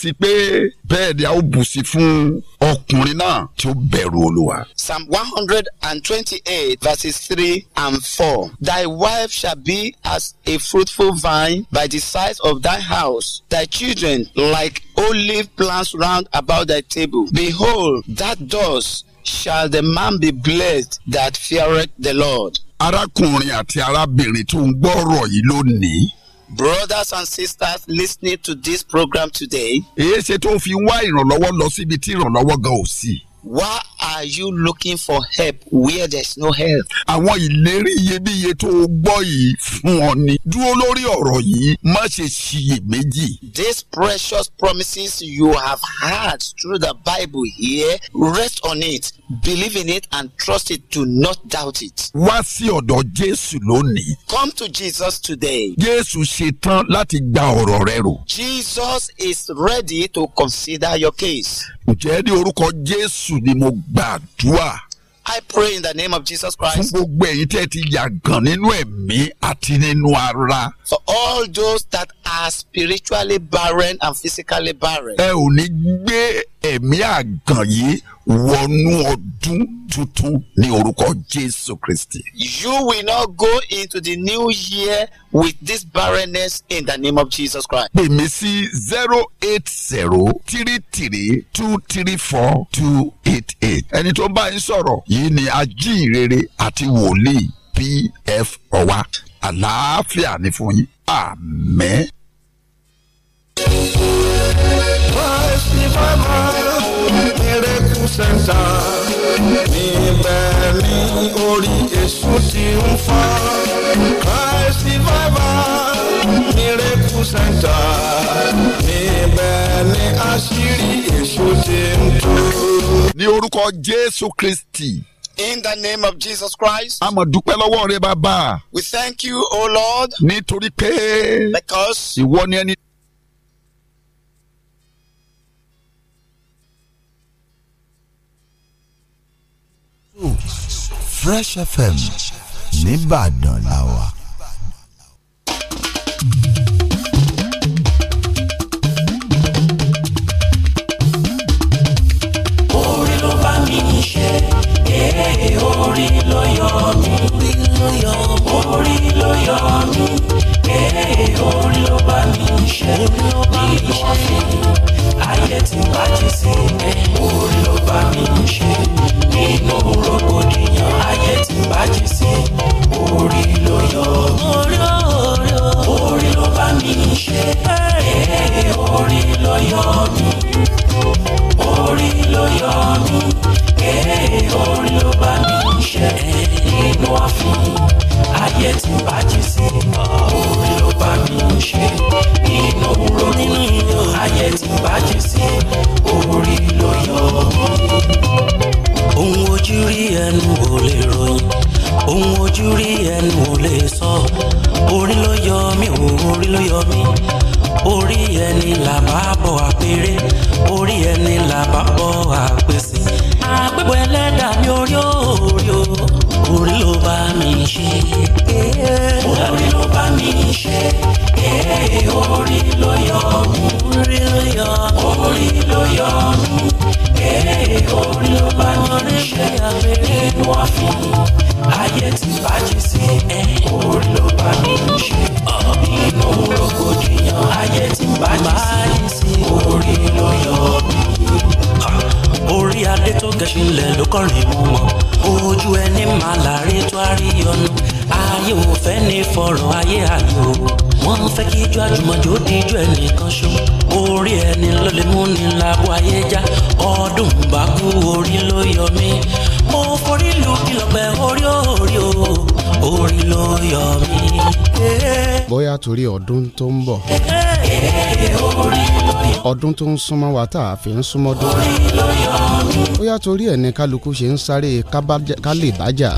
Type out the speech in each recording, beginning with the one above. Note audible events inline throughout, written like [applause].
sí pé bẹ́ẹ̀ ni a ó bù sí fún ọkùnrin náà tí ó bẹ̀rù olúwa. psalm one hundred and twenty-eight verses three and four thy wife shall be as a fruitful vine by the sides of thy house thy children like olive plants round about thy table behold that does shall the man be blessed that feareth the lord. arákùnrin àti arábìnrin tó ń gbọ́ ọ̀rọ̀ yìí lónìí brothers and sisters listening to this program today. èyí ṣe tó fi wá ìrànlọ́wọ́ lọ síbi tí ìrànlọ́wọ́ gan ò sí. wá are you looking for help where there is no help. àwọn ìlérí iyebíye tó o gbọ́ yìí fún ọ ni dúró lórí ọ̀rọ̀ yìí má ṣe ṣiyèméjì. these precious promises you have heard through the Bible here rest on it believe in it and trust it do not doubt it. wá sí ọ̀dọ̀ Jésù lónìí. come to Jesus today. Jésù ṣetán láti gba ọ̀rọ̀ rẹ rò. Jesus is ready to consider your case. ǹjẹ́ ní orúkọ Jésù ni mo gbọ́. I pray in the name of Jesus Christ. Fún gbogbo ti nínú ẹ̀mí àti nínú ara. For all those that are spiritually barren and physically barren. Ẹ ò ní gbé ẹ̀mí àgàn yìí wọnú ọdún tuntun ní orúkọ Jésù Kristi. You will not go into the new year with this barrenness in the name of Jesus Christ. Pè mí sí zero eight zero three three two three four eight. Ẹni tó ń bá yín sọ̀rọ̀ yìí ni ajínrere àti wòlíì P.F. Ọwa. Àlàáfíà ni fún yín orí èṣù ti ń Christ miracle center àṣírí èṣù ti ń tú. ní orúkọ Jésù Kristi. In the name of Jesus Christ. A mọ̀ dúpẹ́ lọ́wọ́ rẹ bàbá. We thank you, O Lord. Nítorí pé. Because. Ìwọ ni ẹni. Fresh FM nìbàdàn la wà. orí ló bá mi ní ṣe èé orí ló yọ mí ló yọ mí. orí ló yọ mí. ee orí ló bá mi ṣe. orí ló bá mi ṣe. ayé tí n sí mi. orí ló bá mi ṣe. nínú rògbòdìyàn ayé tí n bá sí. orí ló yọ mí. orí ó mi ṣe ee orí ló yọ mí orí ló yọ mí ee orí ló bá mi ṣe inú ọ̀fun ayé tí bàjẹ́ sí orí ló bá mi ṣe inú òwúrọ̀ nínú ayé tí bàjẹ́ sí orí ló yọ mí ohun ojú rí ẹnu ò lè ròyìn ohun ojú rí ẹnu ò lè sọ orí ló yọ mí ò orí ló yọ mí orí ẹni là bá bọ àpèrè orí ẹni là bá bọ àpèsè àgbébọ ẹlẹ́dàá mi orí òòrí o orí ló bá mi ṣe orí ló bá mi ṣe orí ló yọ mí. nítorí ọdún tó ń bọ̀ ọdún tó ń súnmọ́ wa tá a fi ń súnmọ́ dún ó yá torí ẹ̀ ní kálukú ṣe ń sáré kálè bájà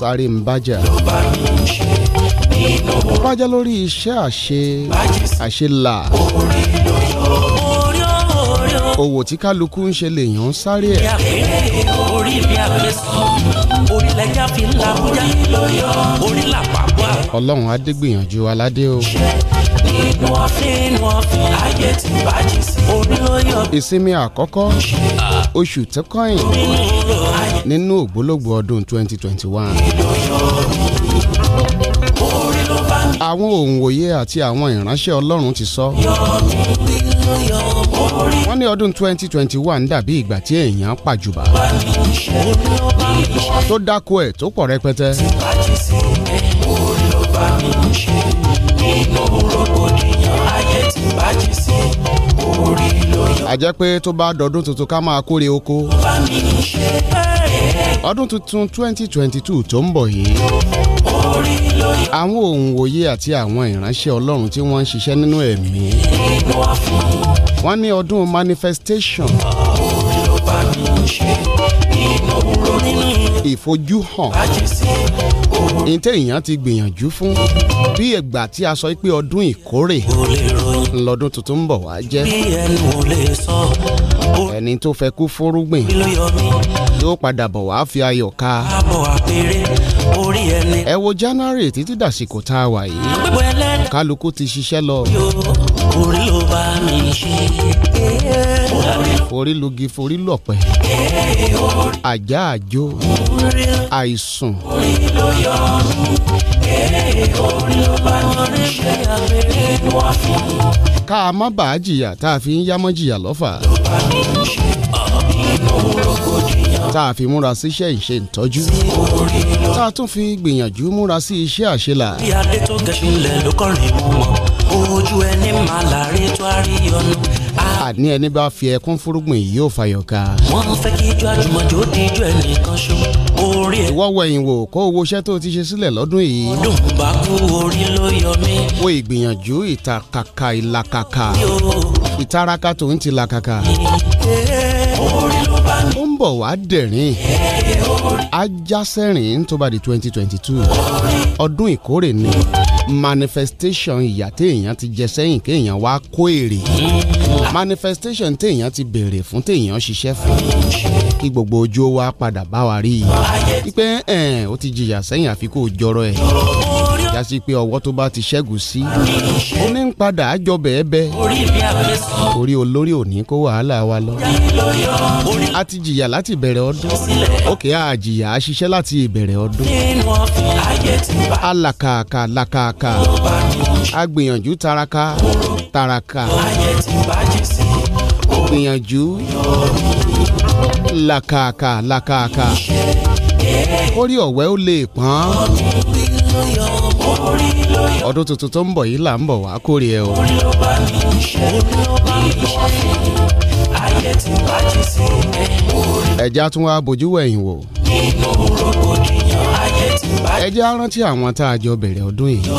sáré ń bájà bájà lórí iṣẹ́ àṣe àṣelà òwò tí kálukú ń ṣe lèèyàn ń sáré ẹ̀ làbújá orí làpapọ̀. ọlọ́run adégbìyànjú aládé o. nínú ọ̀fìn nínú ọ̀fìn ayé ti bàjẹ́ sí orí ló yọ. ìsinmi àkọ́kọ́ oṣù tó kọ́yìn nínú ògbólógbòó ọdún twenty twenty one àwọn òǹwòye àti àwọn ìránṣẹ́ ọlọ́run ti sọ. wọ́n ní ọdún 2021 dàbí ìgbà tí èèyàn pàjùbà tó dáko ẹ̀ tó pọ̀ rẹpẹtẹ. a jẹ́ pé tó bá dọdún tuntun ká máa kórè oko ọdún tuntun 2022 tó ń bọ̀ yìí àwọn òǹwòye àti àwọn ìránṣẹ́ ọlọ́run tí wọ́n ń ṣiṣẹ́ nínú ẹ̀mí wọ́n ní ọdún manifestation ìfojúhàn ìtẹ̀ èèyàn ti gbìyànjú fún bí ẹgbà tí a sọ pé ọdún ìkórè ńlọdún tuntun ń bọ̀ wá jẹ́ ẹni tó fẹ́ kú fúrúgbìn ó padà bọ̀ wá fi ayọ̀ ká. ẹ wo January títí dàsìkò tá a wà yìí kálukú ti ṣiṣẹ́ lọ. forí lugi forí lọ̀pẹ̀ àjà àjò àìsùn ká a má bàa jìyà tá a fi ń yá mọ́ jìyà lọ́fà. inú rògbòdì tá a fi múra síṣẹ́ ìṣe ìtọ́jú tá a tún fi gbìyànjú múra sí iṣẹ́ àṣelà. bí adé tó gẹ̀ṣin lẹ̀ ló kọrin mọ́ ojú ẹni máa láre tó a rí ọ̀nà. àní ẹni bá fi ẹkún fúrúgbìn yìí ò fàyọ̀ ká. wọ́n fẹ́ kí ijó àjùmọ̀jò di ijó ẹnìkan ṣó orí wẹ̀yìn wò kó owó iṣẹ́ tó ti ṣe sílẹ̀ lọ́dún yìí. ọdún bá kú orí ló yọ mí. wo ìgbìyànjú ìtàkàkà ìlàkàkà ìtaraka tòun ti làkàkà. orí ó ń bọ̀ wá dẹ̀rín ajásẹ́rìn tó bá di twenty twenty two ọdún ìkórè ni manifestation ìyà téèyàn ti jẹ sẹ́yìn kéèyàn wá kó èrè manifestation téèyàn ti béèrè fún téèyàn ṣiṣẹ́ fún kí gbogbo ojú wa padà bá wa rí i pé ó ti jìyà sẹ́yìn àfi kó ẹ̀ jásí pé ọwọ́ tó bá ti ṣẹ́gun sí ó ní ń padà àjọ bẹ́ẹ̀ bẹ́ẹ̀ orí olórí òní kó wàhálà wa lọ a ti jìyà láti ìbẹ̀rẹ̀ ọdún òkè a jìyà a ṣiṣẹ́ láti ìbẹ̀rẹ̀ ọdún a làkàkà làkàkà a gbìyànjú taraka taraka gbìyànjú làkàkà làkàkà orí ọ̀wẹ́ ó lè pọ́n ọdún tuntun tó ń bọ̀ yìí là ń bọ̀ wá kórè ẹ o. ẹja tún wá bójú wẹ̀yìn wò. nínú rògbòdì ẹ jẹ́ á àwọn tá a jọ bẹ̀rẹ̀ ọdún yìí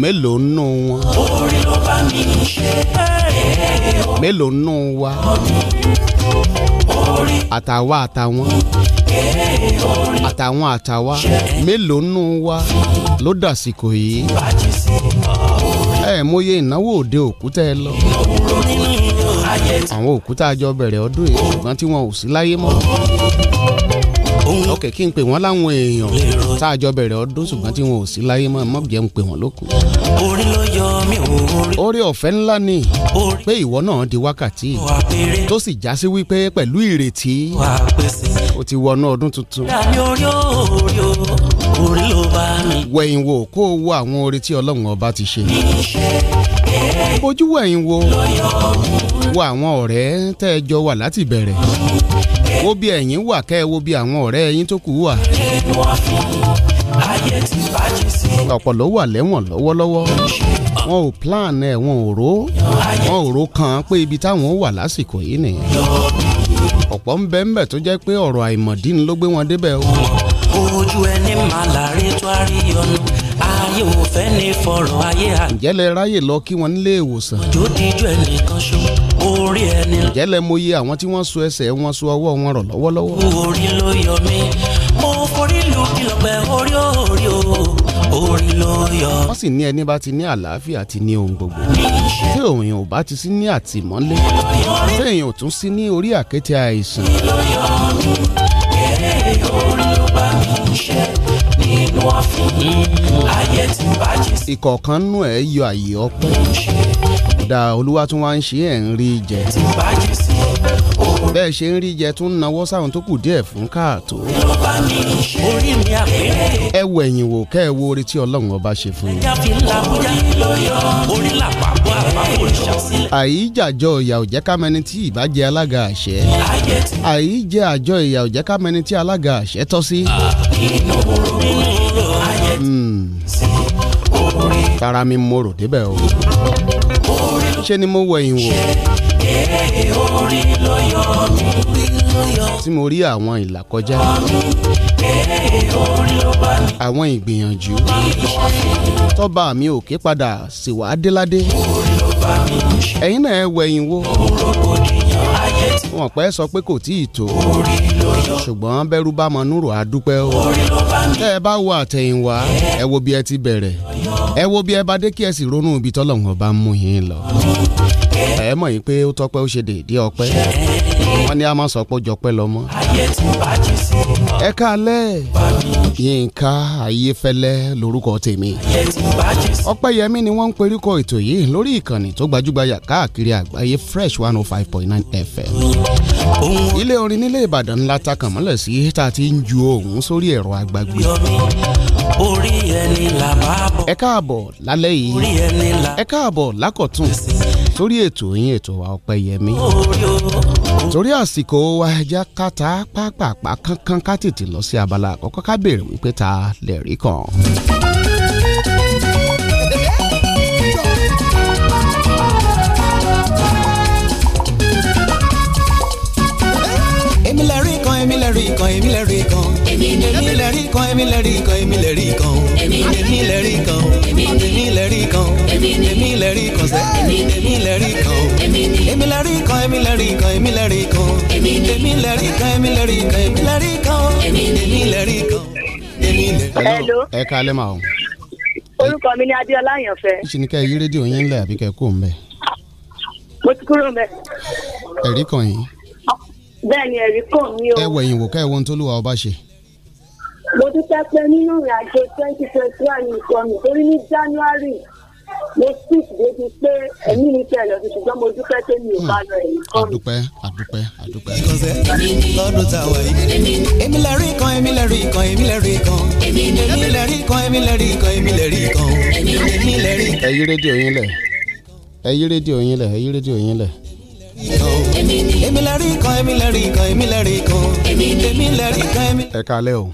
mélòó nù wọn mélòó nù wa àtàwa àtàwọn àtàwọn àtàwa mélòó nù wa ló dàsìkò yìí ẹ mòye ìnáwó òde òkúta ẹ lọ àwọn òkúta àjọ bẹ̀rẹ̀ ọdún yìí ṣùgbọ́n tí wọn ò sí láyé mọ́ ok kí n pè wọ́n láwọn èèyàn tá a jọ bẹ̀rẹ̀ ọdún ṣùgbọ́n tí wọn ò sí láyé mọ́ mọ́ jẹ́ n pè wọ́n lókun. orí ló yọ mí orí. orí ọ̀fẹ́ ńlá ni pé ìwọ náà di wákàtí tó sì já sí wípé pẹ̀lú ìrètí o ti wọnú ọdún tuntun. wẹ̀yìn wò kó o wo àwọn oore tí ọlọ́run ọba ti ṣe. ojú wẹ̀yìn wò wo àwọn ọ̀rẹ́ tẹ́ ẹ jọ wà láti bẹ̀rẹ̀ wo bí ẹ̀yin wà kẹ́ ẹ wo bí àwọn ọ̀rẹ́ ẹ̀yin tó kù wà. ọ̀pọ̀ ló wà lẹ́wọ̀n lọ́wọ́lọ́wọ́ wọn ò plan ẹ̀ wọn ò rò wọn ò rò kan pé ibi táwọn wà lásìkò yìí nìyẹn ọ̀pọ̀ ń bẹ ń bẹ tó jẹ́ pé ọ̀rọ̀ àìmọ̀dí ni ló gbé wọn débẹ̀ o. ojú ẹni máa láre tó a rí ọ̀nà ayé ò fẹ́ ní fọ̀rọ̀ ayé àná. ǹjẹ́ lẹ ráyè lọ kí wọ́n nílé ìwòsàn. òjò díjú ẹnìkan ṣó orí ẹni. ìjẹ́lẹ̀ mo yẹ àwọn tí wọ́n so ẹsẹ̀ wọn so ọwọ́ wọn rọ̀ lọ́wọ́lọ́wọ́. orí ló yọ mí mo forí lu kìlọ̀ pẹ̀ orí orí o orí ló yọ. wọ́n sì ní ẹni bá ti ní àlàáfíà ti ní ohun gbogbo. tí òyìn ò bá ti sí ní àtìmọ́lé tí èyàn ò tún sí ní orí àkéte àìsàn. orí ló bá mi ṣe nínú ọ̀fìn ayé ti bàjẹ́. ìkọ̀ọ̀kan nú ẹ̀ yọ àyè ọpẹ́ kódà olúwa tún wá ń ṣe ẹ̀ ń rí jẹ bẹ́ẹ̀ ṣe ń rí jẹ tún náwó sáwọn tó kù díẹ̀ fún káàtó ẹ wo ẹ̀yìn wò kẹ́ ẹ wo orí tí ọlọ́run ọba ṣe fún yín. àyíjàjọ ìyà ò jẹ́ tí ìbàjẹ́ alága àṣẹ àyíjẹ́ àjọ ìyà ò jẹ́ tí alága àṣẹ tọ́ sí. tara hmm. mi mo rò débẹ̀ o ṣé ni mo wẹ̀yìn wò tí mo rí àwọn ìlàkọjá àwọn ìgbìyànjú tọ́ba mi ò ké padà sì wá déládé ẹ̀yin náà ẹ wẹ̀yìn wo wọn pẹ́ sọ pé kò tíì tó ṣùgbọ́n bẹ́rù bá mọ núrò àdúpẹ́ o tẹ́ ẹ bá wo àtẹ̀yìnwá ẹ wo bí ẹ ti bẹ̀rẹ̀ ẹ wo bí ẹ bá dé kí ẹ sì ronú ibi tọ́lọ́hun bá mú yín lọ ẹ mọ̀ yín pé ó tọ́pẹ́ ó ṣe déédéé ọpẹ́ wọ́n ní a máa sọ pé ó jọpẹ́ lọ́mọ. ẹ káalẹ́ Yínká Ayéfẹ́lẹ́ lórúkọ tèmi. ayé ti bàjẹ́ ọpẹ́yẹmí ni wọ́n ń períkọ ètò yìí lórí ìkànnì tó gbajúgbajà káàkiri àgbáyé fresh one oh five point nine fm. ilé orin nílé ìbàdàn ńlá takàn mọ́lẹ̀ sí tá a ti ń ju òun sórí ẹ̀rọ agbágbé. orí ẹni là máa bọ̀. ẹ káàbọ̀ lálẹ́ yìí ẹ káàbọ̀ lákọ̀tún sórí ètò yín ètò wa ọpẹ́yẹmí. torí àsìkò wa ẹja kàtà pápápá kánkán ká tètè lọ sí abala àkọ́kọ́ ká béèrè wípé ta lè kan. kan èmi lè rí kan èmi lè rí kan èmi lè rí kan èmi lè rí kan èmi lè rí kan èmi lè rí kan èmi lè rí kan sẹ èmi lè rí kan èmi lè rí kan èmi lè rí kan èmi lè rí kan èmi lè rí kan èmi lè rí kan èmi lè rí kan èmi lè rí kan èmi lè. hello ẹ kálẹ́ ma o. orúkọ mi ni Adéọlá Àyànfẹ́. ìṣìníkẹ́ yí rédíò yín lẹ̀ àbíkẹ́ kò ń bẹ̀. mo ti kúrò mẹ́. ẹ̀rí kan yìí bẹ́ẹ̀ ni ẹ̀rí kàn o. ẹ wẹ̀yìn wò ká ẹ̀ tó lù wá ọba ṣe. mo dúpẹ́ pé nínú ìrìn twenty twenty one nìkan mi torí ní january mo sick débi pé ẹ̀mí mi tẹ̀ lọ sí ṣùgbọ́n mo dúpẹ́ pé mi ò bá lọ ẹ̀yìn kan. àdúpẹ́ àdúpẹ́ àdúpẹ́. lọ́dún tá a wà yìí. èmi lè rí kan èmi lè rí kan èmi lè rí kan èmi lè rí kan èmi lè rí kan èmi lè rí kan èmi rédíò yín lẹ̀ ẹ rédíò yín lẹ̀ ẹ rédíò yín lẹ̀ èmi lè rí kan èmi lè rí kan èmi lè rí kan èmi lè rí kan èmi. ẹ kalẹ́ o.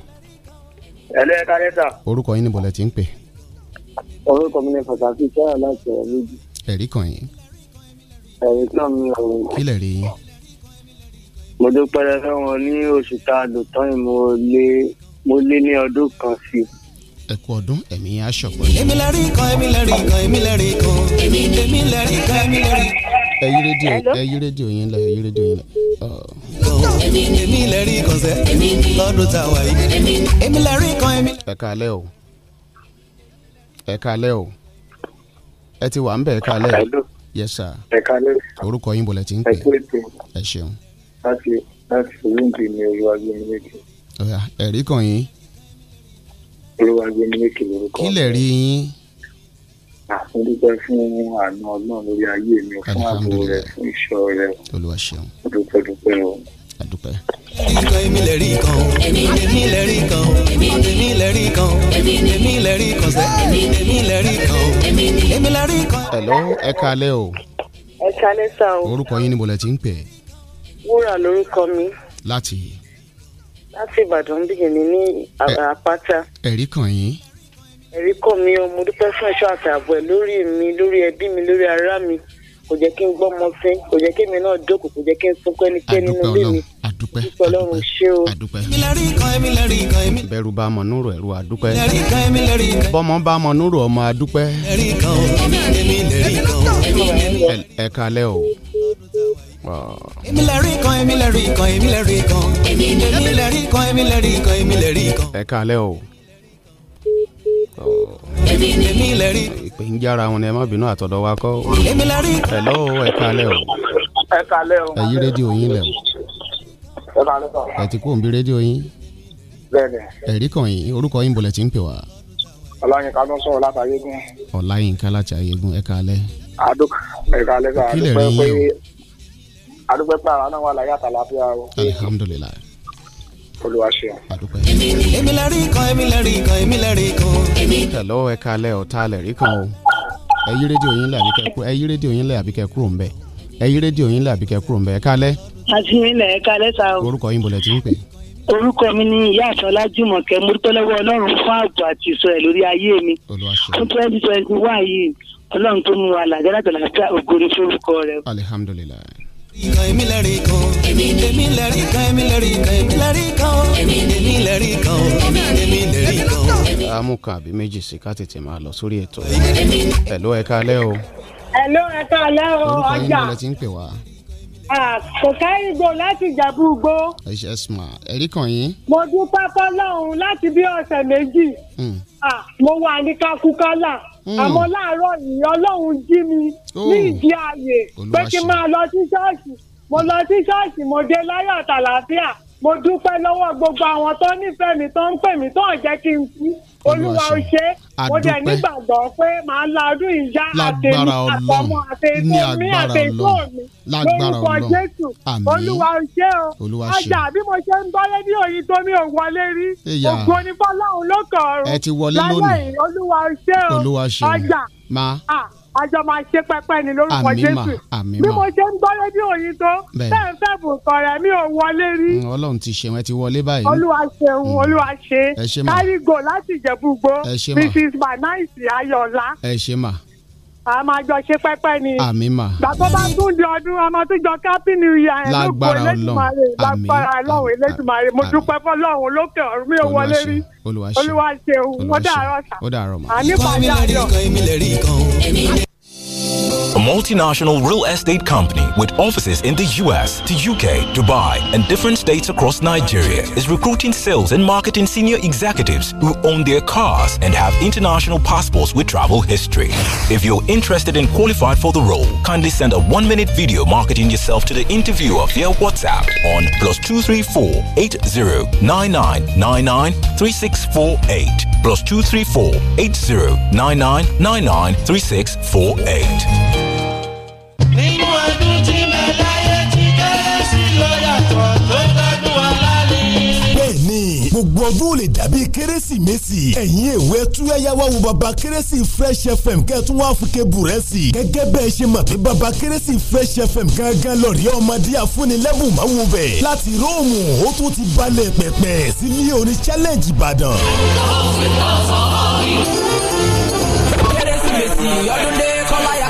ẹlẹ́ ẹ kalẹ́ sà. orúkọ yín ni bọ̀lẹ̀ ti ń pè. orúkọ mi ni pàtàkì sẹ́yà láti ọ̀rọ̀ méjì. ẹ̀rí kan yín. ẹ̀rí kan mi ò. kí lè rí yín. mo dúpẹ́ lọ́wọ́ wọn ní oṣù tá a lò tán mo lé mo lé ní ọdún kan sí i ẹ kú ọdún ẹ̀mí aṣọ̀gbọ́n. èmi lẹ́rìí kan èmi lẹ́rìí kan èmi lẹ́rìí kan èmi lẹ́rìí kan èmi lẹ́rìí kan ẹ yí rédíò ẹ yí rédíò yín lẹ ẹ yí rédíò yín lẹ. èmi lè rí kan sẹ́ lọ́dún tá a wà yìí èmi lè rí kan èmi. ẹ káalẹ́ o ẹ káalẹ́ o ẹ ti wà ń bẹ̀ ẹ káalẹ́ o yes sir ẹ káalẹ́ orúkọ yín bọ̀lẹ̀ tí ń pè ẹ ṣeun. láti láti olóńgbé ni olúwa gbé mi lékè. ẹ̀rí kan yín. olúwa gbé mi lékè lórúkọ. kí lè rí yín àfúndúpẹ́ fún àánú ọlọ́run lórí ayé mi fún ààbò rẹ̀ fún ìṣọ́ rẹ̀ Olúwa ṣeun dúpẹ́ dúpẹ́ o. adúpẹ́. èmi lè rí kan èmi lè rí kan èmi lè rí kan èmi lè rí kan sẹ́ èmi lè rí kan èmi lè rí kan. hello ẹ kalẹ́ o. ẹ kalẹ́ sá o. orúkọ yín ni mo lẹ ti ń pè. wúrà lórúkọ mi. láti. láti Ìbàdàn bìyẹn ní àpáta. ẹ̀rí kan yín ẹ̀rí kọ̀ mi o dúpẹ́ fún ẹ̀ṣọ́ àtààbọ̀ ẹ̀ lórí mi lórí ẹbí mi lórí ará mi kò jẹ́ kí n gbọ́ ọmọ fẹ́ kò jẹ́ kí èmi náà jókòó kò jẹ́ kí n sunkún ẹnikẹ́ni nínú ilé mi adúpẹ́ ọlọ́run ṣé o. bá mọ̀ núrò ẹ̀rù adúpẹ́ bọ́mọ bá mọ̀ núrò ọmọ adúpẹ́ ẹ kalẹ́ o. ẹ kalẹ́ o èmi lè rí. ìpè ń jára wọn ni ẹ má bínú àtọ̀dọ̀ wa kọ́. ẹ lọ́wọ́ ẹ kalẹ̀ o. ẹ kalẹ̀ o. ẹ yí rédíò yín lẹ̀ o. ẹ kalẹ̀ o. ẹ ti kó òǹbí rédíò yín. bẹ́ẹ̀ni. ẹ̀rí kan yín orúkọ yín bọ̀lẹ̀ tí ń pè wá. ọláyínká ló ń sọ̀rọ̀ láti ayégún. ọláyínká láti ayégún ẹ kalẹ̀. adúk ẹ kalẹ̀ ká adúpẹ́ pé adúpẹ́ pé àwa náà wà láyé àtàlàfíà olúwa hello ẹ kalẹ ọ̀tá lè kan o ẹ rédíò yín lẹ̀ àbíkẹ́ kúrò ẹ rédíò yín lẹ̀ àbíkẹ́ kúrò ń bẹ̀ ẹ rédíò yín lẹ̀ àbíkẹ́ kúrò ń bẹ̀ ẹ kalẹ. àti mi lẹ̀ ẹ kalẹ sa o. orúkọ yín bọ̀lẹ̀ tí ń pè. orúkọ mi ni ìyá àtọ́lá jùmọ̀kẹ́ mo ọlọ́run fún ààbò àti ìṣọ́ lórí ayé mi. fún twenty twenty one yìí ọlọ́run tó mú wa làjẹ́ láti làásìá ògo ni fórúkọ alihamudulilayi kan èmi lẹ́rìí kan èmi lẹ́rìí kan èmi lẹ́rìí kan èmi lẹ́rìí kan èmi lẹ́rìí kan èmi lẹ́rìí kan. a mú kan àbí méjì sí tètè máa lọ sórí ètò ẹ̀ló ẹ̀ka alẹ́ o. ẹ̀ló ẹ̀ka alẹ́ o ọjà orúkọ yín ló ti ń pè wá. kò kẹ́yìn gbò láti ìjẹ̀bú gbó. ẹ ṣe ẹ̀rí kan yín. mo dúpẹ́ fọlọ́run láti bí ọ̀sẹ̀ méjì hmm. mo wà ní kakukala Mm. àmọ́ láàárọ̀ yìí ọlọ́run jí mi oh. ní ìdí ààyè pé kí n máa lọ sí ṣọ́ọ̀ṣì mo lọ sí ṣọ́ọ̀ṣì mo dé láyọ̀ àtàlàáfíà mo dúpẹ́ lọ́wọ́ gbogbo àwọn tó nífẹ̀ẹ́ mi tó ń pè mí tó ń jẹ́ kí n kú olúwa ó ṣe mo dẹ̀ nígbàgbọ́ pé màá la ọdún ìyá àtẹ̀mí àtọmọ àtẹ̀mí mi àtẹ̀kọ́ mi lórúkọ jésù olúwa ó ṣe o ọjà bí mo ṣe ń bọ́ lédi òyìn tó mi ò wọlé rí ògo ní ló kọ̀ ọ̀run lálẹ́ yìí olúwa ó ṣe o ọjà àjọ máa ṣe pẹpẹ ni lórúkọ jésù bí mo ṣe ń gbọ́ rédíò yìí tó bẹ́ẹ̀ fẹ́ bùn sọ̀rọ̀ mi ò wọlé rí. Mm, ọlọ́run ti ṣeun ẹ ti wọlé báyìí. olúwa ṣeun mm. olúwa ṣe kárígò láti ìjẹ̀bú gbó mrs banaisi ayọ̀lá. ẹ ṣe mà a máa jọ ṣe pẹ́pẹ́ ni. àmín mà. gbàtọ́ bá tún di ọdún ọmọ tó jọ happy new year ẹ̀ ló kó elétùmarè lágbára ọlọ́run elétùmarè mo dúpẹ́ fọlọ́run lókè ọ̀run mi ò wọlé rí olúwa ṣeun ó dàárọ̀ sà àní pàdé àjọ. a multinational real estate company with offices in the US, the UK, Dubai, and different states across Nigeria, is recruiting sales and marketing senior executives who own their cars and have international passports with travel history. If you're interested and qualified for the role, kindly send a one minute video marketing yourself to the interviewer via WhatsApp on plus 234 8099993648 plus 234 8099993648. gbogbo ọdún ò lè dàbí kérésìmesì ẹ̀yin èwe túyáyáwá wo baba kérésì fresh fm kẹ́tún wá fún kébù rẹ̀ sí. gẹ́gẹ́ bẹ́ẹ̀ ṣe mọ̀ pé baba kérésì fresh fm gangan lọ́ọ̀rì ọmọdé àfúnilẹ́bùn máa wo bẹ̀. láti róòmù ó tún ti balẹ̀ pẹ̀pẹ̀ sílé orin challenge ìbàdàn. kérésìmesì ọdún dé kọ́láyà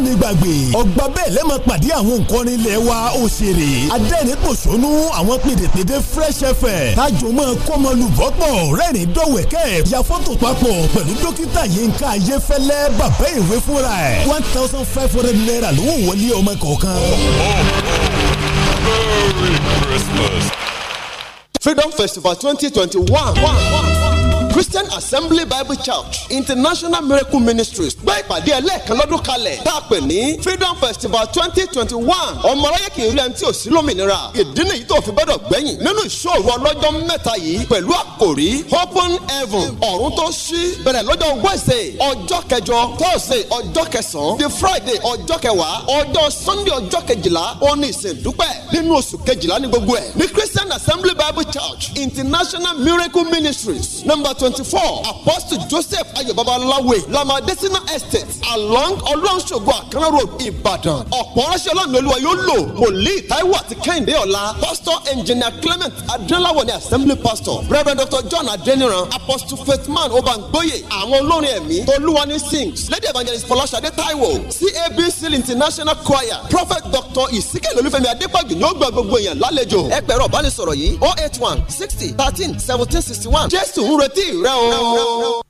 ní gbàgbé ọgbà bẹ́ẹ̀ lẹ́mọ̀ pàdé àwọn nǹkan ilé wa òṣèré adẹ́rìn pòṣónú àwọn pèdèpèdè fresh fm tájò máa kọ́mọ lùbọ́pọ̀ rẹ́rìn dọ́wẹ̀kẹ́ ya fọ́tò papọ̀ pẹ̀lú dókítà yínká ayéfẹ́lẹ́ bàbá ìwé fúnra ẹ̀ one thousand five hundred naira ló ń wọlé ọmọ kọ̀ọ̀kan. Freedom Festival twenty twenty one. Christian Assembly Bible Church International Miracle Ministries gbé ìpàdé ẹlẹ́ẹ̀kan lọ́dún kalẹ̀ tá a pè ní Freedom Festival twenty twenty one ọmọláyé kì í rí ẹni tí ò sí lómìnira ìdí nìyí tó fi gbọ́dọ̀ gbẹ̀yìn nínú ìṣòro ọlọ́jọ́ mẹ́ta yìí pẹ̀lú àkòrí open heaven ọ̀run tó ṣí bẹ̀rẹ̀ lọ́jọ́ Wednesday ọjọ́ kẹjọ Thursday ọjọ́ kẹsàn-án the Friday ọjọ́ kẹwàá ọjọ́ Sunday ọjọ́ kejìlá òní ìsìndúpẹ́ nínú oṣù kejìlá ní gbogbo ẹ̀ ní Christian Assembly Bible Church International Miracle Ministries number twenty-four apostle joseph ayọ̀ babaláwe lamadesina estate along ọlọ́nṣogbo àkànrán road ìbàdàn ọ̀pọ̀ ránṣẹ́ ọlọ́run olúwa yóò lò wòlíì taiwo àti kẹ́hìndé ọ̀la pastor engineer clement adéláwọ̀ ni assembly pastor reverend Doctor john adeniran apostle faithman obangboye àwọn olórin ẹ̀mí tolúwani sings lady evangelist fọláṣadé taiwo cabc international choir prophet Doctor ìsíkè lolúfẹ́mi adépọ̀jù ni ó gba gbogbo èèyàn lálejò ẹ pẹ̀rọ ìbánisọ̀rọ̀ yìí oh eight one sixty thirteen seventeen sixty one jésù ń retí rírà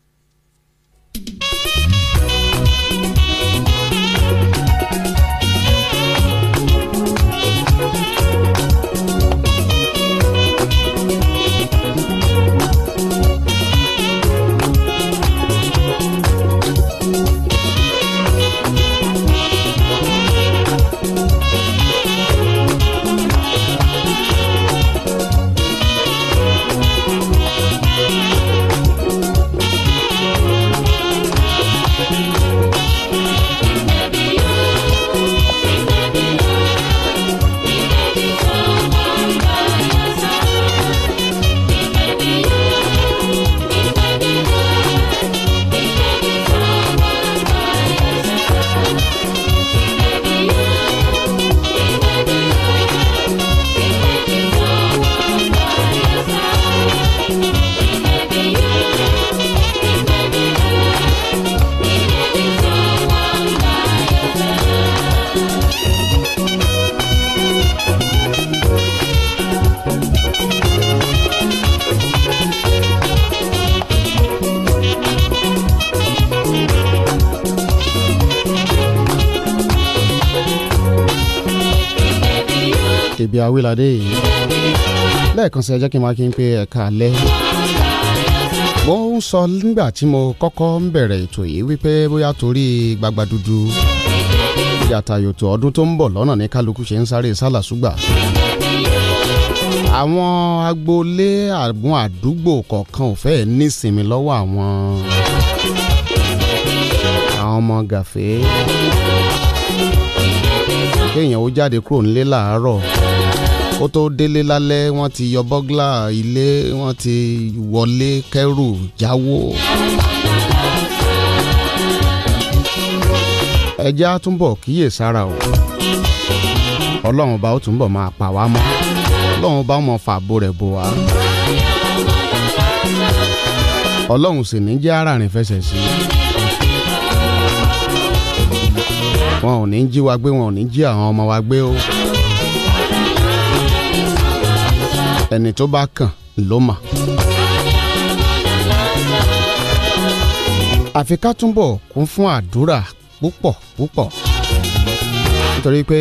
awilade yìí lẹ́ẹ̀kan sí ẹ jẹ́ kí n máa kí n pé ẹ̀ka alẹ́ mo ń sọ nígbà tí mo kọ́kọ́ ń bẹ̀rẹ̀ ètò yìí wípé bóyá torí gbagba dúdú yàtàyòtò ọdún tó ń bọ̀ lọ́nà ní kálukú ṣe ń sáré sálàsúgbà àwọn agboolé àwọn àdúgbò kọ̀ọ̀kan ò fẹ́ẹ̀ nísinmi lọ́wọ́ àwọn ọmọ gàfé kéèyàn ó jáde kúrò nílé làárọ̀ kó tó délé lálẹ́ wọ́n ti yọ bọ́gìlà ilé wọ́n ti wọlé kẹ́rù jáwó. ẹjẹ́ á túnbọ̀ kíyè sára o ọlọ́run ọba ó túnbọ̀ máa pa wá mọ́ ọlọ́run ọba ó mọ fàbò rẹ̀ bò wá ọlọ́run sì ní jẹ́ aráàrin fẹsẹ̀ sí wọn ò ní jí wa gbé wọn ò ní jí àwọn ọmọ wa gbé o. ẹni tó bá kàn ló mà. àfi ká túnbọ̀ kún fún àdúrà púpọ̀ púpọ̀ nítorí pé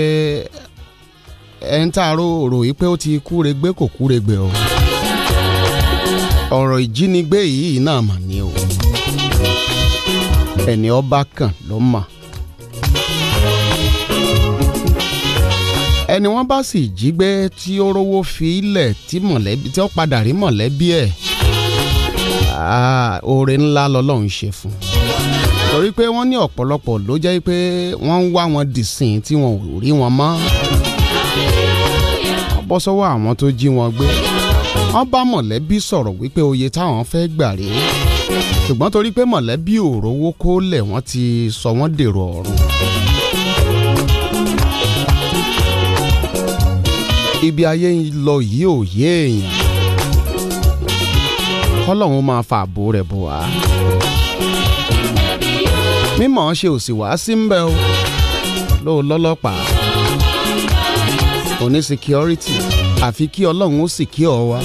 ẹ ń tààrọ ọ̀rọ̀ yìí pé ó ti kúregbé kò kúregbé o ọ̀rọ̀ ìjínigbé yìí náà mà ní o ẹni ọba kan ló mà. ẹni wọ́n bá sì jí gbé tí ó rówó fi ilẹ̀ tí mọ̀lẹ́bí tí ó padà rí mọ̀lẹ́bí ẹ̀ ah, oore ńlá lọ́lọ́run ṣe fún torí pé wọ́n ní ọ̀pọ̀lọpọ̀ ló jẹ́ pé wọ́n ń wá wọn dìsìn tí wọn ò rí wọn mọ́ wọ́n bọ́ sọ́wọ́ àwọn tó jí wọn gbé wọ́n bá mọ̀lẹ́bí sọ̀rọ̀ wípé oye táwọn fẹ́ gbà rèé ṣùgbọ́n torí pé mọ̀lẹ́bí ò rówó wọ́n ti sọ wọ́n dèrò ọ̀run ibi ayé ń lọ yìí ò yé èèyàn kọ́lọ́hún máa fa ààbò rẹ̀ bò wá mímọ̀ ṣe ò sì wá sí ń bẹ́ o ló lọ́lọ́pàá òní security àfi kí ọlọ́run ó sì kí ọ wa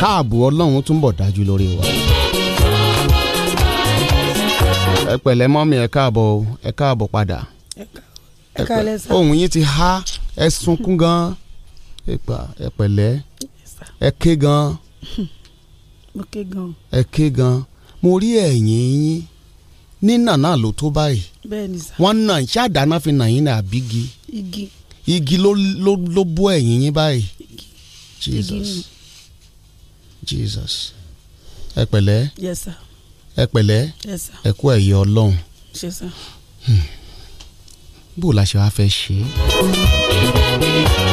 káàbù ọlọ́run túnbọ̀ dájú lórí wa. ẹ pẹ̀lẹ́ mọ́mí ẹ káàbọ̀ ẹ káàbọ̀ padà ohùn yín ti há ẹ sunkún gan-an ẹgbà ẹ pẹ̀lẹ́ ẹ ké gan. [laughs] mo ké gan. ẹ ké gan mo rí ẹ̀yìn yín ní nànà ló tó báyìí. bẹ́ẹ̀ni sá. wọ́n nà ń ṣàdáná fi nà yín ní àbígi. igi. igi ló ló ló bó ẹ̀yìn yín báyìí. igi Jesus Jesus ẹ pẹ̀lẹ́. yes sir. ẹ pẹ̀lẹ́. yes sir. ẹ kú ẹ̀yẹ Ọlọ́run. ṣe hmm. bó o la ṣe wá fẹ́ ṣe é.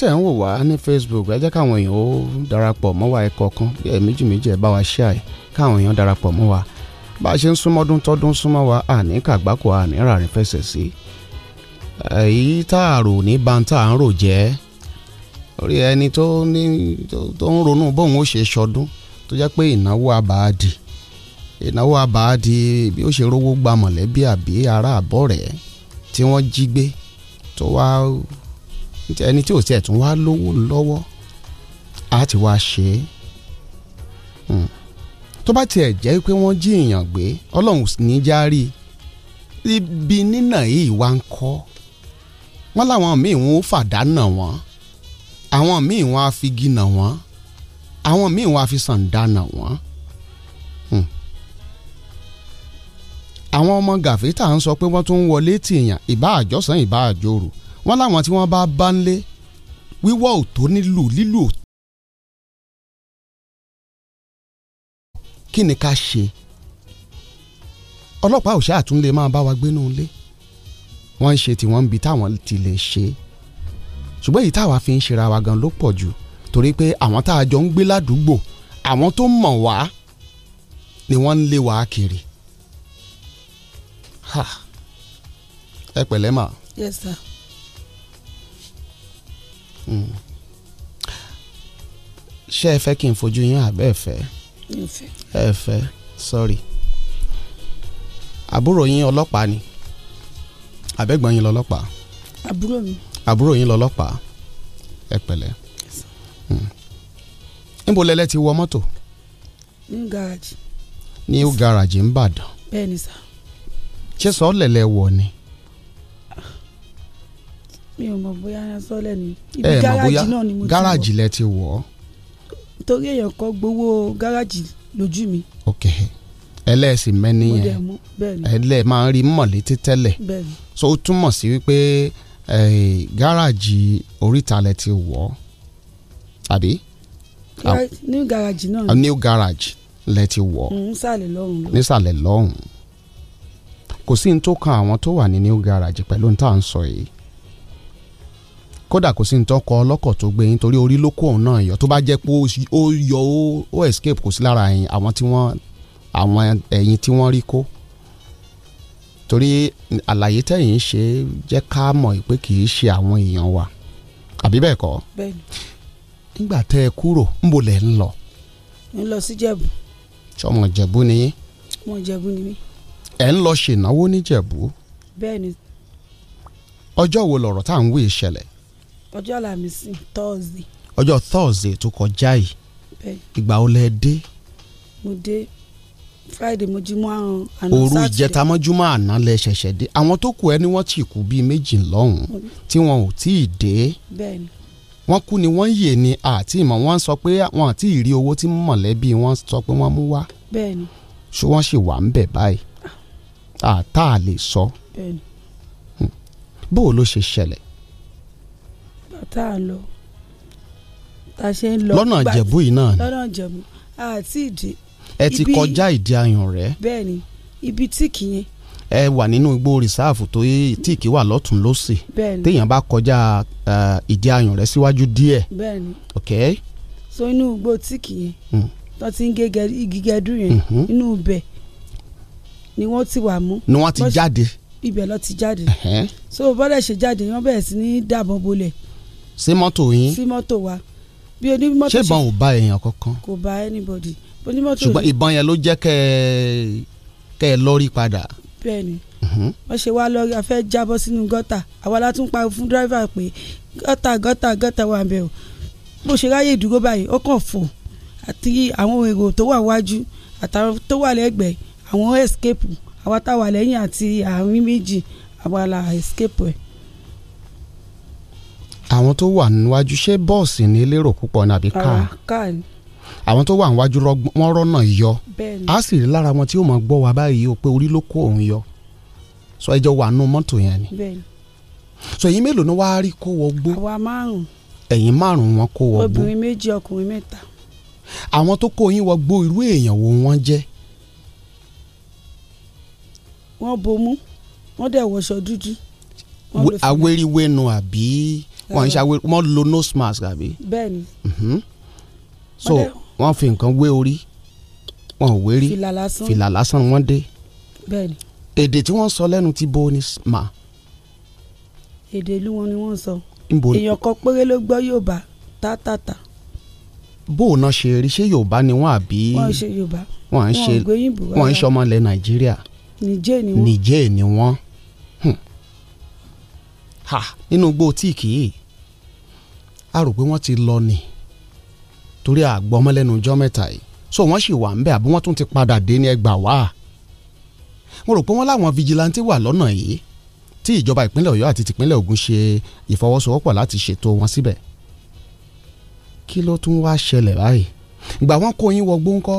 tẹ̀ ń wò wá ní Facebook ẹ jẹ́ káwọn èèyàn ó darapọ̀ mọ́ wa ẹ̀kọ́ kan bí ẹ̀ méjì méjì ẹ̀ bá wa ṣe àì káwọn èèyàn darapọ̀ mọ́ wa bá a ṣe ń súnmọ́ ọdún tọ́dún súnmọ́ wa àní kàgbákò àní ràrín fẹsẹ̀ sí èyí tá a rò ní bàǹtà à ń rò jẹ́ orí ẹni tó ní tó ń ronú bóun ó ṣe ṣọdún tó jẹ́ pé ìnáwó àbáàdì ìnáwó àbáàdì bí ó ṣe rówó gba mọ̀lẹ́bí àbí ará àbọ̀ rẹ̀ tí wọ́n jí gbé tó wá ẹni tí ò tiẹ̀ tún wá lówó lọ́wọ́ á ti wá ṣe é hmm. tó bá tiẹ̀ jẹ́ pé wọ́n jí èèyàn gbé ọlọ́run ní járí ibi nínà yìí wá ń kọ́ wọ́n láwọn míì wọn ó fàdá nà wọ́n àwọn míì wọn á fi igi nà wọ́n àwọn míì wọn fi sàǹdà wọ́n. Hmm. àwọn ọmọ gàfé ń sọ pé wọ́n tún ń wọlé tìyàn ìbá àjọsán ìbá àjòrò wọ́n láwọn tí wọ́n bá bá ń lé wíwọ́ òtó nílù lílù òtó. kí ni ká ṣe ọlọ́pàá ò ṣáà tún máa bá wa gbé nù lé wọ́n ń ṣe tiwọn bí táwọn ti lè ṣe ṣùgbọ́n èyí táwa fi ń ṣera wa gan ló pọ̀ jù torí pé àwọn tá a jọ ń gbé ládùúgbò àwọn tó mọ̀ wá ni wọ́n ń lé wa kiri ẹ pẹ̀lẹ́ mà. yes sir. Mm. ṣé ẹ fẹ́ kí n fojú yín àbẹ́ ẹ fẹ́ ẹ sorry àbúrò yín ọlọ́pàá ni àbẹ́gbọ́n yín lọ́lọ́pàá àbúrò mi àbúrò yín mm. ti wọ mọ́tò. ní garaji. ní garaji ń bàdàn. bẹ́ẹ̀ ni ṣé mi ò mọ̀ bóyá sọ́lẹ̀ ni ibi gáràjì náà ni mo ti wọ̀ gáràjì lẹ ti wọ̀ torí èèyàn kan gbowó gáràjì lójú mi. ok ẹlẹ́sìn mẹ́ni ẹlẹ́ máa ń rí mọ̀létí tẹ́lẹ̀ so ó túmọ̀ sí wípé gáràjì oríta lẹ ti wọ̀ ọ́ àbí. new garage náà ni. new garage lẹ ti wọ̀ ọ́. Mm, nísàlẹ̀ lọ́hùn. nísàlẹ̀ lọ́hùn kò sí ní tó kan àwọn tó wà ní new garage pẹ̀lú ní tá ń sọ yìí kódà kò sí ní tọkọ ọlọ́kọ̀ tó gbé yín torí orí ló kó òun náà yọ tó bá jẹ́ pé ó yọ ó escape kò sí lára ẹ̀yìn àwọn tí wọ́n àwọn ẹ̀yìn tí wọ́n rí kó torí àlàyé tẹ̀yìn ṣe jẹ́ ká mọ̀ pé kì í ṣe àwọn èèyàn wa àbí bẹ́ẹ̀ kọ́ nígbà tẹ́ ẹ kúrò ń bo lẹ̀ ń lọ. ń lọ sí jẹ̀bú. sọmọ jẹ̀bú ni yín. ọmọ ni mí. ẹ ń lọ ṣènáwó ní jẹ̀bú. bẹ́ẹ̀ ni. wo lọ̀rọ̀ tá à ń wé ìṣẹ̀lẹ̀ ọjọ́ àlàmísì thursday. ọjọ́ thursday tó kọjá yìí ìgbà wo lẹ dé. mo dé friday mo jí mọ́ àrùn àná saturday. òru ìjẹta mọ́júmọ́ àná lẹ ṣẹ̀ṣẹ̀ dé àwọn tó kù ẹ ni wọ́n ti kú bíi méjì lọ́hùn-ún tí wọn ò tí ì dé. bẹ́ẹ̀ni wọ́n kú ni wọ́n yè ni àti ìmọ̀ wọ́n sọ pé wọn àti ìrí owó tí mọ̀lẹ́bí wọn sọ pé wọ́n mú wá. bẹ́ẹ̀ni. ṣé wọ́n sì wà ń bẹ̀ báyìí àtà ah. lè sọ. bẹ́ẹ̀ni. bó o ló ṣe ṣẹlẹ̀ tá à lọ tá a ṣe ń lọ. lọ́nà ìjẹ̀bú yìí náà ni lọ́nà ìjẹ̀bú àti ìdè. ẹ ti kọjá ìdí ayàn rẹ. bẹ́ẹ̀ni ibi tí kì í yẹn. ẹ wà nínú igbó rìsáàfù tó tí kì í wà lọ́tún lọ́sì. bẹ́ẹ̀ni téèyàn bá kọjá ìdí ayàn rẹ síwájú díẹ̀. bẹ́ẹ̀ni ok. so inú igbó tí kì í yẹn hmm. tó ti ń gé igi gẹdú yẹn mhm. inú ibẹ̀ ni wọ́n ti wà mú. ni wọ́n ti jáde. ibẹ̀ ló ti jáde. so bọ́dẹ̀ ṣe jáde wọ́n bẹ̀rẹ̀ sí ní dàbọ̀ bolẹ̀ sí mọ́tò yín sí mọ́tò wa bí onímọ́tò ṣe ìbọn ò bá èèyàn kankan kò bá anybody onímọ́tò ṣùgbọ́n ìbọn yẹn ló jẹ́ kẹ́ ẹ kẹ́ ẹ lọ́rí padà. bẹ́ẹ̀ni mhm. wọ́n ṣe wá lọ́rí a fẹ́ jábọ́ sínú gọ́tà àwa la tún pariwo fún dírẹ́fà pé gọ́tà gọ́tà gọ́tà wà bẹ́ẹ̀ o bó ṣe ráyè ìdúró báyìí ó kàn fò àti àwọn èrò tó wà wájú àtàwọn tó wà lẹ́gbẹ̀ẹ́ àwọn escape àwa táwa lẹ́yìn àti àárín méjì àwa la escape ẹ̀ àwọn tó wà níwájú ṣé bọ́ọ̀sì ní lérò púpọ̀ ní àbí káà àwọn tó wà níwájú wọn rọ́nà yọ á sì rí lára wọn tí ó mọ̀ gbọ́ wa báyìí o pé orí ló kó òun yọ sọ ẹjọ́ wà nù mọ́tò yẹn ni sọ èyí mélòó ni wàá rí kó wọgbó àwa márùn ẹ̀yin márùn wọn kó wọgbó obìnrin méjì ọkùnrin mẹ́ta àwọn tó kó yín wọgbó irú èèyàn wo wọ́n jẹ́ wọ́n bomú wọ́n dẹ̀ wọṣọ dúdú. awériwénu àbí wọn ń ṣàwé wọn lo nose mask àbí. bẹ́ẹ̀ni. Mm-hmm. so wọn fi nǹkan wé orí wọn ò wérí fìlà lásán wọn dé. bẹ́ẹ̀ni. èdè tí wọ́n sọ lẹ́nu ti bo ni ma. èdè ìlú wọn ni wọ́n sọ èèyàn kan péré ló gbọ́ Yorùbá tátàtà. bó o náà ṣe rí ṣé Yorùbá ni wọ́n àbí. wọ́n ṣe Yorùbá wọ́n ń ṣe wọ́n ń ṣọmọ ilẹ̀ Nàìjíríà. Nìjẹ́ ni wọ́n. Nìjẹ́ ni wọ́n. Hmm. ha nínú gbòtíìkì yìí a rò pé wọ́n ti lọ nì torí àgbọ̀mọ́lẹ́nu ọjọ́ mẹ́ta yìí so wọ́n sì wà ń bẹ̀ àbí wọ́n tún ti padà dé ní ẹgbà wá mo rò pé wọ́n láwọn fijilantí wà lọ́nà yìí tí ìjọba ìpínlẹ̀ Ọ̀yọ́ àti tìpínlẹ̀ Ògùn ṣe ìfọwọ́sowọ́pọ̀ láti ṣètò wọn síbẹ̀ kí ló tún wá ṣẹlẹ̀ báyìí gbà wọ́n kó yín wọgbó ńkọ́.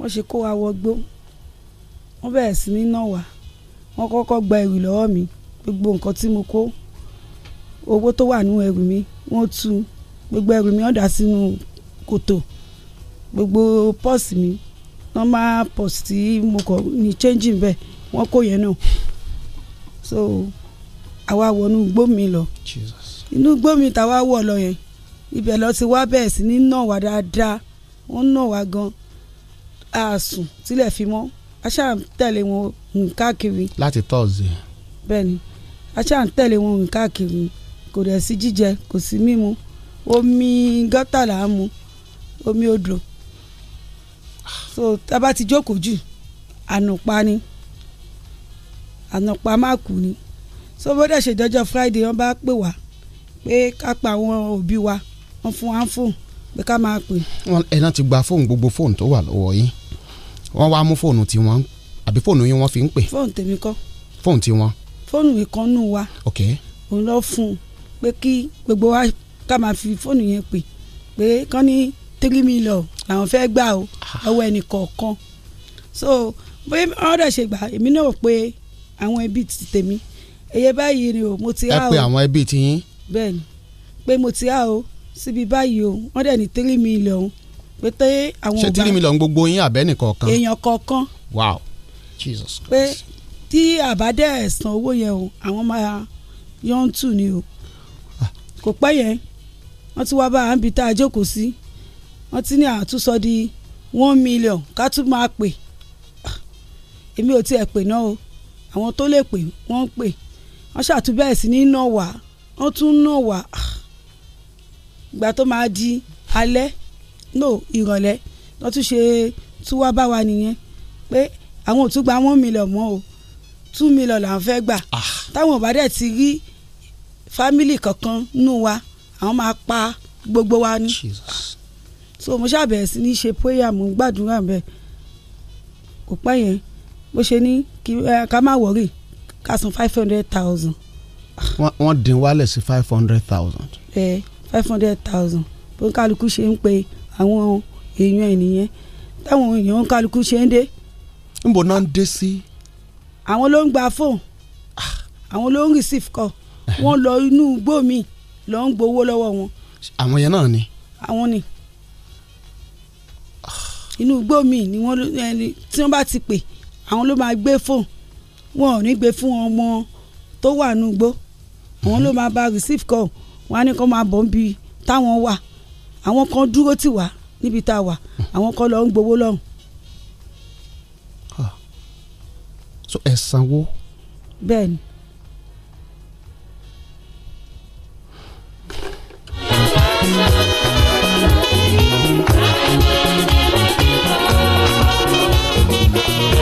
wọ́n ṣe kó wa wọgbó wọ́n bẹ̀rẹ̀ sí ní náà wá wọ́n kọ́kọ́ gba ẹrù lọ́wọ́ mi gbogbo nǹkan tí mo kó owó tó wà nínú ẹrù mi wọ́n tú gbogbo ẹrù mi wọ́n sínú kòtò gbogbo pọ́ọ̀sì mi normal pọ́ọ̀sì tí mo kọ̀ ní change bẹ́ẹ̀ wọ́n kó yẹn náà so àwa wọnú igbó mi lọ inú igbó mi tàwa wọ̀ lọ yẹn ibẹ̀ lọ ti wá bẹ́ẹ̀ sí ní nà wá dáadáa wọ́n nà wá gan a sùn fi mọ́ a tẹ̀lé wọn káàkiri. láti tọ́ọ̀sì. bẹ́ẹ̀ni a tẹ̀lé wọn káàkiri kò dẹ̀ sí jíjẹ kò sí mímu omi gọ́tà là ń mu omi odò so tá a bá ti jókòó jù ànàpá ni ànàpá má kú ni so bó dẹ̀ ṣe dọ́jọ́ Friday wọ́n bá pè wá pé ká pa àwọn òbí wa wọ́n fún wa ń pé ká máa pè. ẹ náà ti gba fóònù gbogbo fóònù tó wà lọ́wọ́ yín wọ́n wá mú fóònù tí wọ́n àbí fóònù yín wọ́n fi ń pè. fóònù tèmi kọ́. fóònù tí fóònù ìkànnù wa. ok. òun lọ fún un pé kí gbogbo wa ká máa fi fóònù yẹn pè pé kán ní three million làwọn fẹ́ gbà o lọ́wọ́ ẹnì kọ̀ọ̀kan so bóyá wọ́n dẹ̀ ṣe gbà èmi náà pé àwọn ẹbí ti tèmi èyẹ báyìí ni o mo ti há o ẹ pé àwọn ẹbí ti yín bẹ́ẹ̀ pé mo ti há o síbi báyìí o wọ́n dẹ̀ ní three million pé tẹ́ àwọn ọba ṣé three million gbogbo yín àbẹ́nì kọ̀ọ̀kan èèyàn kọ̀ọ̀kan wow jesus christ pé tí àbádẹ́ ẹ̀sán owó yẹn o àwọn máa yọ̀ǹtù ni o kò pẹ́ yẹn wọ́n ti wá bá à tá a jókòó sí wọ́n ti ní àtúnṣọ di one million ká tún máa pè ah, èmi ò tiẹ̀ pè náà o àwọn tó lè pè wọ́n ń pè wọ́n ṣàtúbẹ̀rẹ̀ sí ní nà wá wọ́n tún nà wá ah, ìgbà tó máa di alẹ́ no ìrọ̀lẹ́ wọ́n tún ṣe tún wá bá wa nìyẹn pé àwọn ò tún gba one million mọ́ o two million là ń fẹ́ gbà ah. táwọn ò bá dẹ̀ ti rí fámìlì kankan nù wa àwọn máa pa gbogbo wa ní. so mo ṣàbẹ̀rẹ̀ sí ní ṣe prayer mo gbàdúrà bẹ́ẹ̀ kò pẹ́ yẹn bó ṣe ní ká má wọ̀rì ká san five hundred thousand. wọ́n dín wálẹ̀ sí five hundred thousand. ẹ five hundred thousand bó ń kálukú ṣe ń pe àwọn èèyàn ẹ̀ nìyẹn táwọn èèyàn ń kálukú ṣe ń dé. ń bọ̀ náà ń dé sí. àwọn ló ń gba fóònù ah. àwọn ló ń receive call wọ́n lọ inú igbó mi lọ ń gbowó lọ́wọ́ wọn. àwọn yẹn náà ni. àwọn ni inú igbó mi ni wọ́n tí wọ́n bá ti pè àwọn ló máa gbé fóònù wọn ò ní gbé fún ọmọ tó wà nù igbó àwọn ló máa bá receive call wọn á ní kó máa bọ̀ ń bi táwọn wà àwọn kan dúró tì wá níbi tá a wà àwọn kan lọ ń gbowó lọ́hùn. so ẹ sanwó. bẹ́ẹ̀ni. Thank you.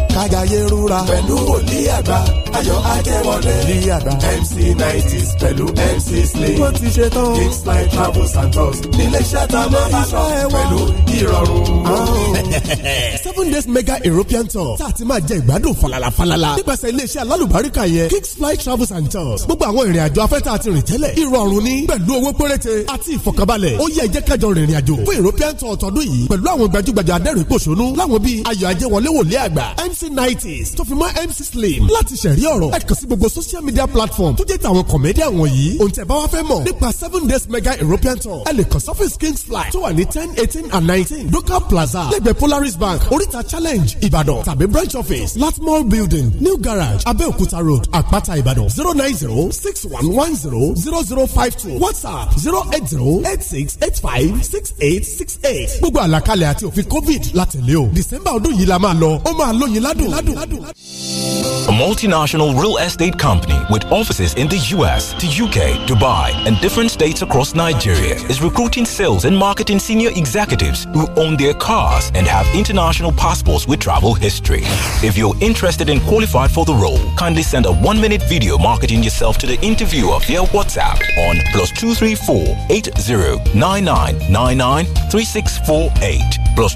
kájàyé rúra. pẹ̀lú wòlíì àgbà ayọ̀ akẹ́wọlé. wòlíì àgbà mc nineties pẹ̀lú mc slay. wọ́n ti ṣe tán. kings fly travels and tours nílé iṣẹ́ tá a máa bá sọ pẹ̀lú ìrọ̀rùn. [laughs] seven days mega european tour tá a ti máa jẹ ìgbádùn falala falala nípasẹ̀ iléeṣẹ́ alálùbáríkà yẹn kings fly travels and tours gbogbo àwọn ìrìn àjò afẹ́ tá a ti rìn tẹ́lẹ̀ ìrọ̀rùn ni pẹ̀lú owó péréte àti ìfọ̀kànbalẹ̀ ó yẹ jẹ́ kájọ rìnrìn àjò fún european tour tọdún yìí pẹ̀lú àwọn gbajúgbajà adẹ́rìn-pòṣónú láwọn bíi ayọ̀ ajẹ́wọlé wòlé àgbà mc mc nineties tó fi mọ́ mc slim láti ṣẹ̀rí ọ̀rọ̀ ẹ kàn sí gbogbo social media platform tó jẹ́ tàwọn comedian wọ̀nyí òǹtẹ̀ bá wá fẹ́ mọ̀ nípa seven days mega european tour ẹ lè kàn surface kings fly tó wà ní ten eighteen and nineteen doka plaza lẹ́gbẹ̀ẹ́ polaris bank oríta challenge ìbàdàn tàbí branch office latmore building new garage abẹ́òkúta road àpáta ìbàdàn zero nine zero six one one zero zero zero five two whatsapp zero eight zero eight six eight five six eight six eight gbogbo àlàkalẹ̀ àti òfin covid látẹ̀lé o december ọdún yìí la máa lọ ó máa lóyin lá ládùn. multinational real estate company with offices in the US, the UK, Dubai, and different states across Nigeria, is recruiting sales and marketing senior executives who own their cars and have international passports with travel history. If you're interested and qualified for the role, kindly send a one-minute video marketing yourself to the interviewer via WhatsApp on plus 234 8099993648 plus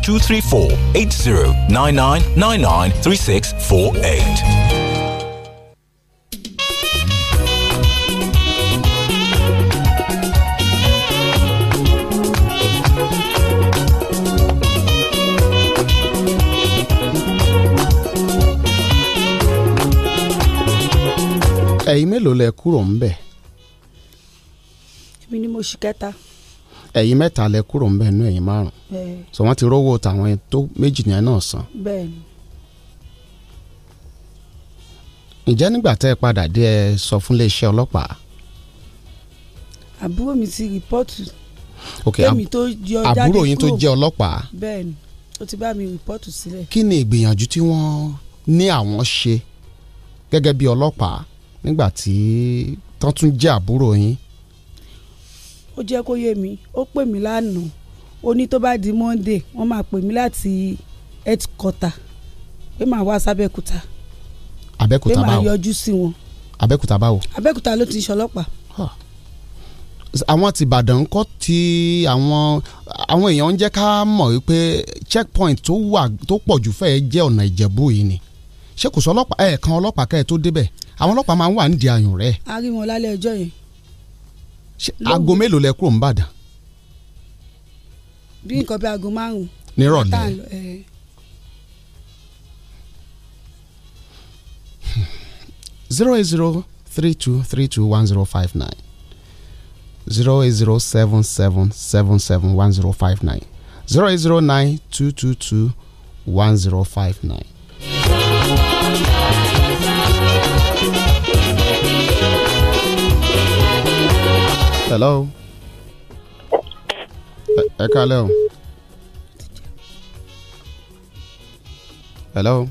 ẹ̀yin mélòó lẹ kúrò ńbẹ̀. èmi ni mo ṣì kẹta. ẹ̀yin mẹ́ta lẹ kúrò ńbẹ̀ nú ẹ̀yin márùn. sọ wọ́n ti rówó tàwọn tó méjì yẹn náà san. bẹ́ẹ̀ni. ǹjẹ́ nígbà tẹ́ ẹ padà dé ẹ sọ fún iléeṣẹ́ ọlọ́pàá. àbúrò mi ti rìpọ́ọ̀tù. ok àbúrò yín tó jẹ́ ọlọ́pàá. bẹ́ẹ̀ni ó ti bá mi rìpọ́ọ̀tù sílẹ̀. kí ni ìgbìyànjú tí wọ́n ní àwọn ṣe gẹ́gẹ́ bí ọlọ́pàá nígbà tí tán tún jẹ́ àbúrò yín. ó jẹ́ kó yé mi ó pè mí lánàá ó ní tó bá di monday wọ́n máa pè mí láti headquarter pé màá wá sábẹ́kúta abẹ́kúta báwo pé màá yọjú sí wọn. abẹ́kúta báwo. abẹ́kúta ló ti ṣọlọ́pàá. àwọn ti ìbàdàn kọ́ ti àwọn àwọn èèyàn ń jẹ́ ká mọ̀ wípé checkpoint tó wà tó pọ̀ jù fẹ́ẹ́ jẹ́ ọ̀nà ìjẹ̀bú yìí ni ṣé kò sọ ọlọ́pàá ẹ̀ẹ̀kan ọlọ́pàá kẹ́ ẹ̀ tó débẹ̀ àwọn ọlọ́pàá máa ń wà nídìí ayùn rẹ̀. a rí wọn lálẹ́ ọjọ́ yẹn. aago mélòó lẹ kúrò nìbàdàn. bí nǹkan bí aago márùn-ún. nírọ̀lẹ́. zero eight zero three two three two one zero five nine zero eight zero seven seven seven seven one zero five nine zero eight zero nine two two two one zero five nine. hello. ẹ kálẹ̀ o. hello.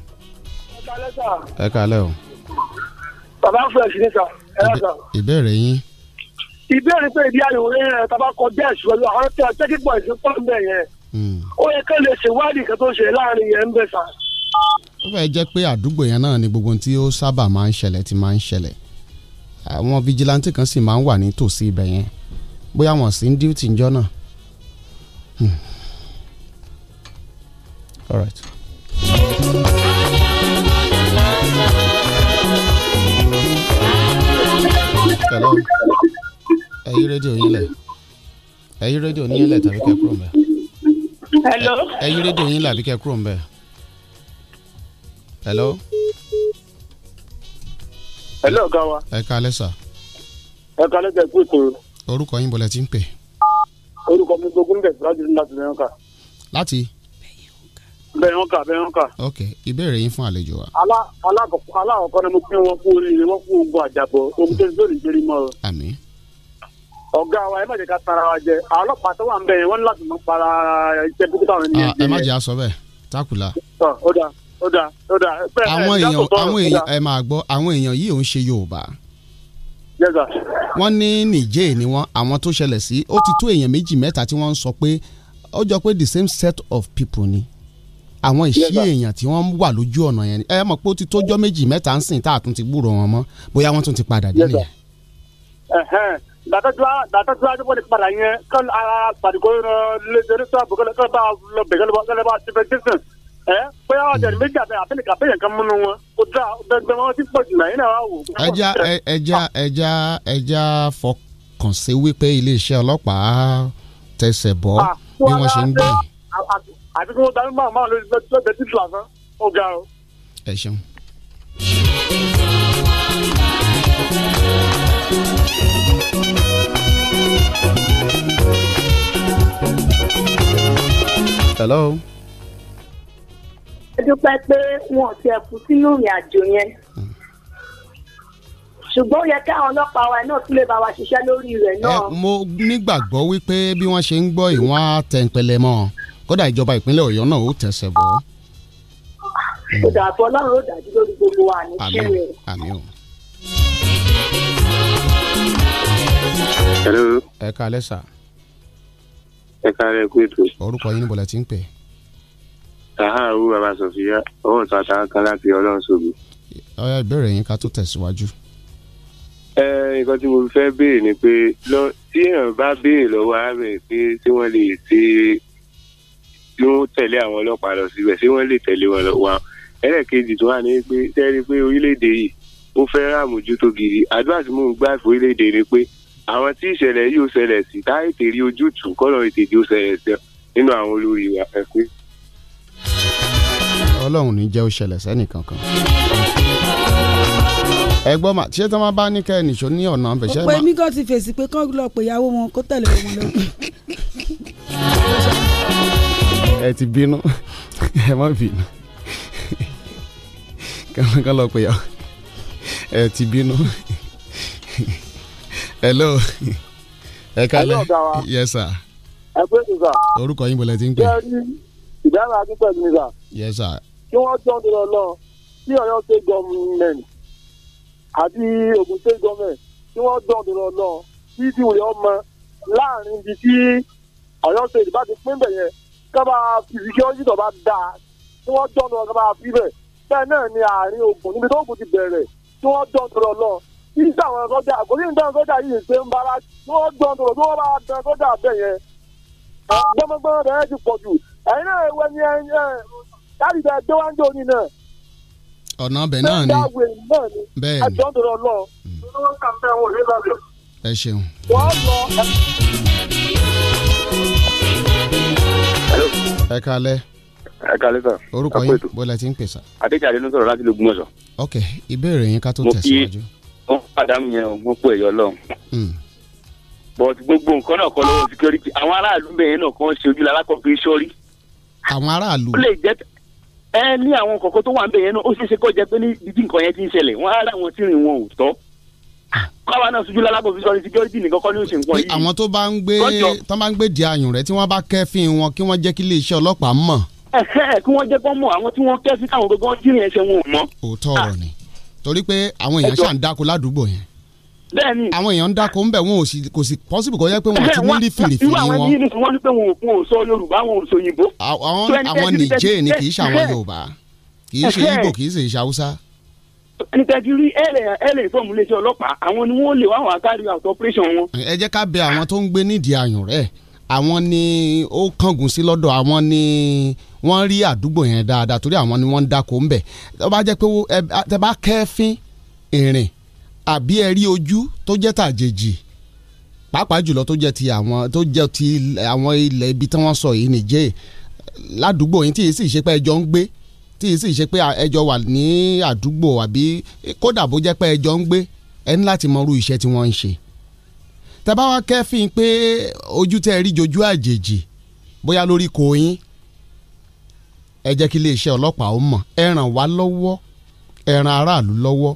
ẹ kálẹ̀ sà. ẹ kálẹ̀ o. bàbá fresh ni sà ẹ yà sà. ìbéèrè yín. ìbéèrè pé ìdí ayò rẹ rẹ tàbá kọjá ìṣòro àwọn tí a tẹ́kí pọ̀ ìṣe pọ̀ nbẹ yẹn. Hmm. ó yẹ kí lè ṣèwádìí kan tó ṣe láàrin yẹn ń bẹ sà. ó fẹ́ jẹ́ pé àdúgbò yẹn náà ni gbogbo ohun tí ó sábà máa ń ṣẹlẹ̀ ti máa ń ṣẹlẹ̀ àwọn vigilante kan sì máa ń wà nítòsí ibẹ̀ yẹn bóyá wọ́n sì ń duty njọ́ náà. Hmm. All right. Hello. ẹ yí rédíò yín lẹ̀ ẹ yí rédíò yín lẹ̀ tàbí kẹ́ kúrò mbẹ̀. Hello. ẹ yí rédíò yín lẹ̀ tàbí kẹ́ kúrò mbẹ̀. Hello ẹ lọ́ọ̀ ká wa. ẹ ká lẹ́sà. ẹ ká lẹ́sà kú ìṣòro. orúkọ yín bọ̀lẹ̀ tí ń pè. orúkọ mi gbogbo ń bẹ̀ láti láti bẹ̀rẹ̀ kà. láti. bẹ̀rẹ̀ kà bẹ̀rẹ̀ kà. ok ìbéèrè yín fún àlejò wa. alá alákọ̀ọ́kọ́ ni mo pín wọn fún oríire wọn fún ogun àjàbọ̀ ohun tó ń lórí ìgbéri mọ́ ọ. àmín. ọ̀gá wa ẹ má jẹ́ ká tara wa jẹ àwọn ọlọ́pàá tó wà ń bẹ̀ yẹn wọ́n ní láti mọ̀ para iṣẹ́ dókítà wọn ní ah, ẹ̀jẹ̀ yẹn. ẹ má jẹ́ aṣọ ó dà ó dà. àwọn èèyàn àwọn èèyàn ẹ máa gbọ́ àwọn èèyàn yìí ò ń ṣe Yorùbá. wọ́n ní Niger ni wọ́n àwọn tó ṣẹlẹ̀ sí ó ti tó èèyàn méjì mẹ́ta tí wọ́n ń sọ pé ó jọ pé the same set of people ni àwọn ìṣí èèyàn tí wọ́n wà lójú ọ̀nà yẹn ẹ mọ̀ pé ó ti tójọ́ méjì mẹ́ta ń sìn tá a tún ti gbúrò wọn mọ́ bóyá wọ́n tún ti padà dé nìyẹn. dàtàdúrà ní wọ́n ti padà yẹn kán ara pàdùkọ́ lẹ́sẹ̀ ní sọ́ọ̀bù kọ́lẹ́ bá lọ bẹ̀gẹ́lẹ́ bá sífẹ́ distance pé ọ̀dẹ̀rẹ̀ méjì àti àfẹnìkà bẹ́yẹn kan múnú wọn kò dáa gbẹgbẹ wọn ti pọ̀ jù náà yín náà wà wò. ẹja ẹja ẹja ẹja fọkàn sí wípé iléeṣẹ́ ọlọ́pàá tẹsẹ̀ bọ́ ah, bí wọ́n ṣe ń gbé. àti kí wọ́n darí máa máa lórí lọ́dẹ̀ títí lásán ó ga o. ẹ ṣeun. hello dúpẹ́ pé wọn ò tiẹ̀ kú sínú ìrìn àjò yẹn ṣùgbọ́n ó yẹ káwọn ọlọ́pàá wa náà tún lè bá wa ṣiṣẹ́ lórí rẹ̀ náà. mo nígbàgbọ́ wípé bí wọ́n ṣe ń gbọ́ ìwọ̀n á tẹ ìpele mọ́ kódà ìjọba ìpínlẹ̀ ọ̀yọ́ náà ó tẹ̀sẹ̀ bọ́. kódà ọlọ́run ó dájú lórí gbogbo wa ní kílẹ̀. àmín hello. ẹ káalẹ́ sà. ẹ káalẹ́ kú ètò. orúkọ yín níbo la ti ń pè é taharu baba sọfìyà owó tata kan láti ọlọ́run ṣògo. ọyá ìbéèrè yín ká tó tẹ̀síwájú. ẹ nǹkan tí mo fẹ́ béèrè ni pé lọ tí èèyàn bá béèrè lọ́wọ́ arábìnrin pé tí wọ́n lè ṣe tí wọ́n tẹ̀lé àwọn ọlọ́pàá lọ síbẹ̀ tí wọ́n lè tẹ̀lé wọn lọ wá ẹlẹ́ẹ̀kejì tó wà ní pé sẹ́ni pé orílẹ̀-èdè yìí ó fẹ́ ràmójútó gidi àdúrà tí mò ń gbà fún orílẹ̀-èdè ni pé àwọn tí ìṣẹ̀lẹ̀ yìí ó ṣẹlẹ̀ sí táyé tèrí ojútùú kọ́lọ̀ ètè yìí ó ṣẹlẹ̀ sí nínú àwọn olórí ẹ̀kú ọlọ́run ní jẹ́ ó ṣẹlẹ̀ sẹ́nì kankan. ẹ̀gbọ́n mà ṣé tí wọ́n bá ní kẹ́ ẹ̀ nìṣó ní ọ̀nà àfẹsẹ̀ máa. òpè mi gan ti fèsì pé kán lọ pè ìyàwó wọn kó tẹ̀lé wọn lọ. ẹ ti bínú ẹ má bínú kán lọ pè ìyàwó ẹ ti bínú hello ẹ kálẹ̀ yes sir ẹ pé sùn sà. orúkọ yín bọ̀lẹ̀ ti ń pè. ìdáhùn akínpẹ̀lú ni sà. yes sir kí wọ́n jọ ní lọ́lọ́ tí ọ̀yọ́ state government àti ogun state government kí wọ́n jọ ní lọ́lọ́ tí ti wùlẹ̀ ọmọ láàrin ibi tí ọ̀yọ́ state bá ti pín bẹ̀ yẹn kábà fìsíkíọ́sì tó bá dáa tí wọ́n jọ ní lọ́lọ́ kábà fi bẹ̀ bẹ́ẹ̀ náà ni àárín ogun níbi tó ogun ti bẹ̀rẹ̀ tí wọ́n jọ ní lọ́lọ́ kí sáwọn sọ́jà kò ní ìdáhùn yìí ṣe ń bára tí wọ́n jọ ní lọ́lọ́ bá dán sọ́jà bẹ̀ yẹn gbọ́mọgbọ́mọ bẹ̀rẹ̀ ti pọ̀ jù ẹ̀yin náà ẹ̀wẹ̀ ni àṣàrí bẹ́ẹ̀ gbé wá náà. ọ̀nà ọbẹ̀ náà ni bẹ́ẹ̀ ni àjọ ń hmm. lọ. ẹ ṣeun. ẹ kalẹ̀. ẹ kalẹ̀ sọ. orúkọ yín bọ́lá ti ń pèsè. adéjáde ló ń láti lè gún ọ̀sán. ok ìbéèrè yín ká tó tẹ̀síwájú. mo kí wọn pàdánù yẹn wọn kó ẹ̀yọ́ lọ́hùn hmm. but gbogbo nǹkan náà kọ lọ́wọ́ security àwọn aráàlú bẹ̀yẹn náà kàn ṣe ojúlá alákọ̀ọ́pẹ́ sọ́rí. àwọn aráàlú. ó lè jẹ́ ẹ ní àwọn kọ̀ọ̀kan tó wà ń bẹ̀ yẹn náà ó ṣeé ṣe kó jẹ pé ní dídí nǹkan yẹn ti ń ṣẹlẹ̀ wọ́n á rà wọn tí rìn wọn ò tọ́ káwa náà sojú lálábò fi sọrí security nìkan kọ́ ní oṣù nǹkan yìí. àwọn tó bá ń gbé tó bá ń gbé di ayùn rẹ tí wọ́n bá kẹ́fín wọn kí wọ́n jẹ́ kí iléeṣẹ́ ọlọ́pàá mọ̀. kí wọ́n jẹ́ kó mọ̀ àwọn tí wọ́n kẹ́fín káwọn gbogbo wọn jírin wọn ò mọ̀. òótọ́ ọ̀rọ̀ ah. ni torí pé àwọn èèyàn ṣàn ládùúgbò yẹn bẹ́ẹ̀ni. àwọn èèyàn ń dáko ń bẹ wọn ò sì kò sì possible kò yẹ pé wọn ti ní ní fèrèfèrè wọn. irú àwọn yìí ni wọn ní pé wọn ò sọ yorùbá wọn ò sọ òyìnbó. àwọn àwọn nìjẹ́ ni kì í ṣe àwọn yorùbá kì í ṣe Ìgbò kì í ṣe ìṣàwùsá nítẹ̀jú rí ẹ̀rẹ̀ ẹ̀rẹ̀ fọ́ọ̀mù iléeṣẹ́ ọlọ́pàá àwọn ni wọ́n lè wá wọn carry out operation wọn. ẹ jẹ́ ká bẹ àwọn tó ń gbé nídìí àyùn rẹ̀ àwọn ni ó kángun sí lọ́dọ̀ àwọn ni wọ́n rí àdúgbò yẹn dáadáa torí àwọn ni wọ́n ń dáko ń tó bá jẹ́ pé tẹ bá kẹ́fín ìrìn àbí ẹ rí ojú tó jẹ́ tàjèjì pàápàá jùlọ tó jẹ́ ti àwọn tó jẹ́ ti àwọn ilẹ̀ ibi tí wọ́n sọ yìí nìjẹ́ ládùúgbò yín tí yìí sì ṣe pé ẹjọ́ ń gbé tí yìí sì ṣe pé ẹjọ́ wà ní àdúgbò àbí kódà bó jẹ́ pé ẹjọ́ ń gbé ẹ láti mọ irú iṣẹ́ tí wọ́n ń ṣe tẹ́ bá kẹ́fìn pé ojú tẹ́ rí jojú àjèjì bóyá lórí kò ẹ jẹ́ kí iléeṣẹ́ ọlọ́pàá ó mọ̀ ẹ ràn wá lọ́wọ́ ẹ ràn aráàlú lọ́wọ́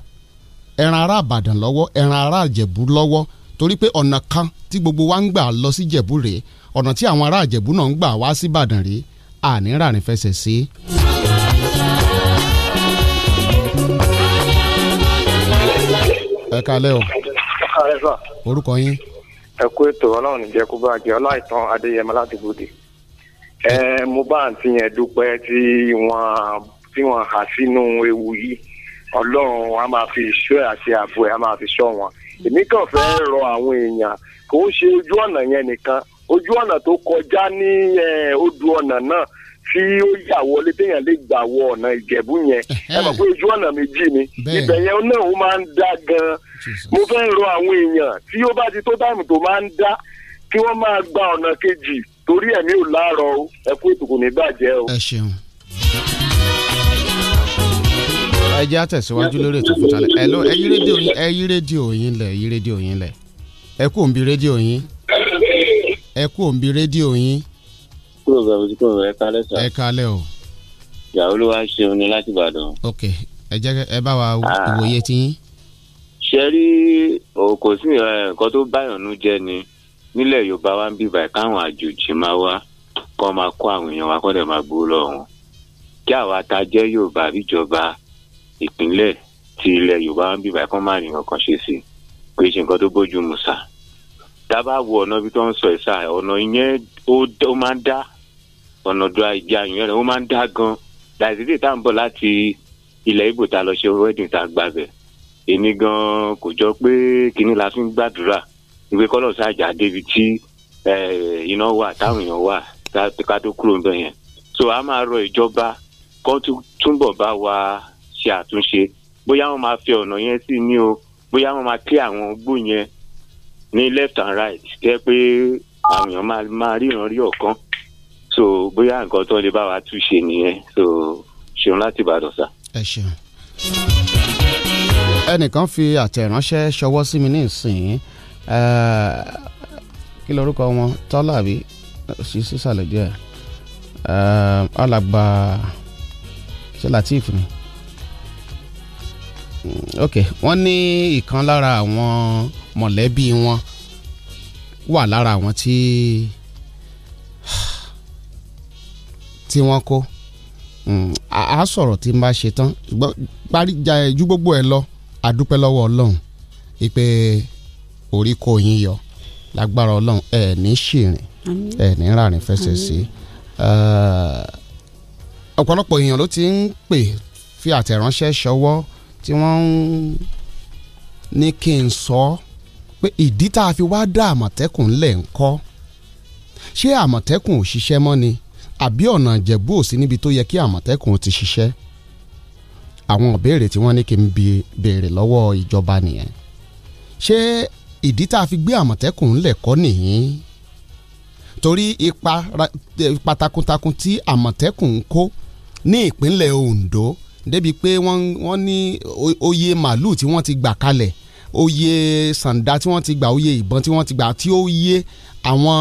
ẹran ará àbàdàn lọ́wọ́ ẹran ará àjẹ̀bú lọ́wọ́ torí pé ọ̀nà kan tí gbogbo wa ń gbà lọ sí jẹ̀bú rèé ọ̀nà tí àwọn ará àjẹ̀bú náà ń gbà wá sí ìbàdàn rèé àní ràní fẹsẹ̀ sí. ẹ kalẹ́ o orúkọ yín. ẹ kú ètò ọlọ́run ìjẹ́ kó bá jẹ́ ọláìtàn adéyẹmọ láti bòde. ẹ mo bá àǹtí yẹn dúpẹ́ tí wọ́n tí wọ́n há sínú ewu yìí ọlọ́run a máa fi ìṣọ́ àti ààbò ẹ̀ a máa fi ṣọ́ wọn èmi kàn fẹ́ rọ àwọn èèyàn kò ń ṣe ojú ọ̀nà yẹn nìkan ojú ọ̀nà tó kọjá ní odò ọ̀nà náà tí ó yà wọlé téèyàn lè gbà wọ ọ̀nà ìjẹ̀bú yẹn [laughs] ẹ mọ̀ pé ojú ọ̀nà méjì ni ibẹ̀ yẹn náà ó máa ń dá gan-an mo fẹ́ rọ àwọn èèyàn tí ó bá ti tó táìmù tó máa ń dá kí wọ́n máa gba ọ̀nà kejì torí ẹ̀mí ò láàárọ̀ ẹ kú ètùkù ní bàjẹ́ o. ẹ ṣeun ẹ jẹ́ àtẹ̀síwájú lórí ètò fún talẹ̀ ẹ̀lọ́ ẹ yí rédíò yín ẹ yí rédíò yín lẹ̀ yí rédíò yín lẹ̀ ẹ kú òǹbi rédíò yín ẹ kú òǹbi rédíò yín. kúrò bẹ̀rù tí kúrò ẹ kalẹ̀ sá. ẹ kalẹ̀ o. ìyàwó ló wá ṣeun ni láti Ìbàdàn. ok ẹ jẹ́ ẹ bá wa ah. ìwòye ti yín. ṣe rí kò sí nǹkan tó báyọ̀ nú jẹ́ ni nílẹ̀ Yorùbá wa ń bíbà káwọn àjòjì máa wá kọ́ máa kó àwọn èèyàn wa kọ́ dẹ̀ máa gbó lọ́wọ́ kí àwa ta jẹ́ Yorùbá bíjọba ìpínlẹ̀ ti ilẹ̀ yorùbá ń bíbá ẹ̀kọ́ máa rìn ọkàn ṣe sí pé ṣe nǹkan tó bójú mu sà dábà wo ọ̀nà ibi tó ń sọ ẹ̀ sà ọ̀nà ìyẹn ó máa ń dá ọ̀nà ìjà ìyẹn rẹ̀ ó máa ń dá gan dàìsídì tá à ń bọ̀ láti ilẹ̀ ibo ta lọ ṣe wedding tá gbà bẹ̀ èmi gan kò jọ pé kinní la fi ń gbàdúrà ìwé kọ́lọ̀ sáàjà débi tí iná wà táwọn èèyàn wà ká tó kúrò ń bẹ̀ yẹn so a máa rọ ìjọba kó túbọ̀ bá wa ṣe àtúnṣe bóyá wọ́n máa fi ọ̀nà yẹn sí ni o bóyá wọ́n máa clear àwọn gbó yẹn ní left and right tẹ́ pé àwọn èèyàn máa ríran rí ọ̀kan so bóyá nǹkan tó lè bá wa tún ṣe nìyẹn so ṣeun láti Ìbàdàn sá. ẹ ṣeun ẹnìkan fi àtẹ̀ránṣẹ́ ṣọwọ́ sí mi ní ìsìn kí lorúkọ wọn tọ́lá àbí sí sísàlẹ̀ díẹ̀ alàgbà ṣe Latif ni. Hmm, ok wọ́n ní ìkan lára àwọn mọ̀lẹ́bí wọn wà lára àwọn tí [sighs] tí wọ́n kó hmm, a sọ̀rọ̀ tí n bá ṣe tán parí ju gbogbo ẹ̀ lọ àdúpẹ́ lọ́wọ́ ọlọ́run wípé orí kò yín yọ lágbára ọlọ́run ẹ̀ ní ṣìrìn ẹ̀ ní rárìn fẹsẹ̀ sí ọ̀pọ̀lọpọ̀ èèyàn ló ti ń pè fi àtẹ̀ránṣẹ́ ṣọwọ́ tí wọ́n ń ní kí n sọ pé ìdí tá a fi wá dá àmọ̀tẹ́kùn lẹ̀ ń kọ́ ṣé àmọ̀tẹ́kùn ò ṣiṣẹ́ mọ́ ni àbí ọ̀nà ìjẹ̀bú ò sí níbi tó yẹ kí àmọ̀tẹ́kùn ti ṣiṣẹ́ àwọn ìbéèrè tí wọ́n ní kí n béèrè lọ́wọ́ ìjọba nìyẹn ṣé ìdí tá a fi gbé àmọ̀tẹ́kùn lẹ̀ kọ́ nìyí torí ipa takuntakun tí àmọ̀tẹ́kùn ń kó ní ìpínlẹ̀ Ondo débi pé wọ́n ní oyè màálù tí wọ́n ti gbà kalẹ̀ oyè sàǹdà tí wọ́n ti gbà oyè ìbọn tí wọ́n ti gbà àti oyè àwọn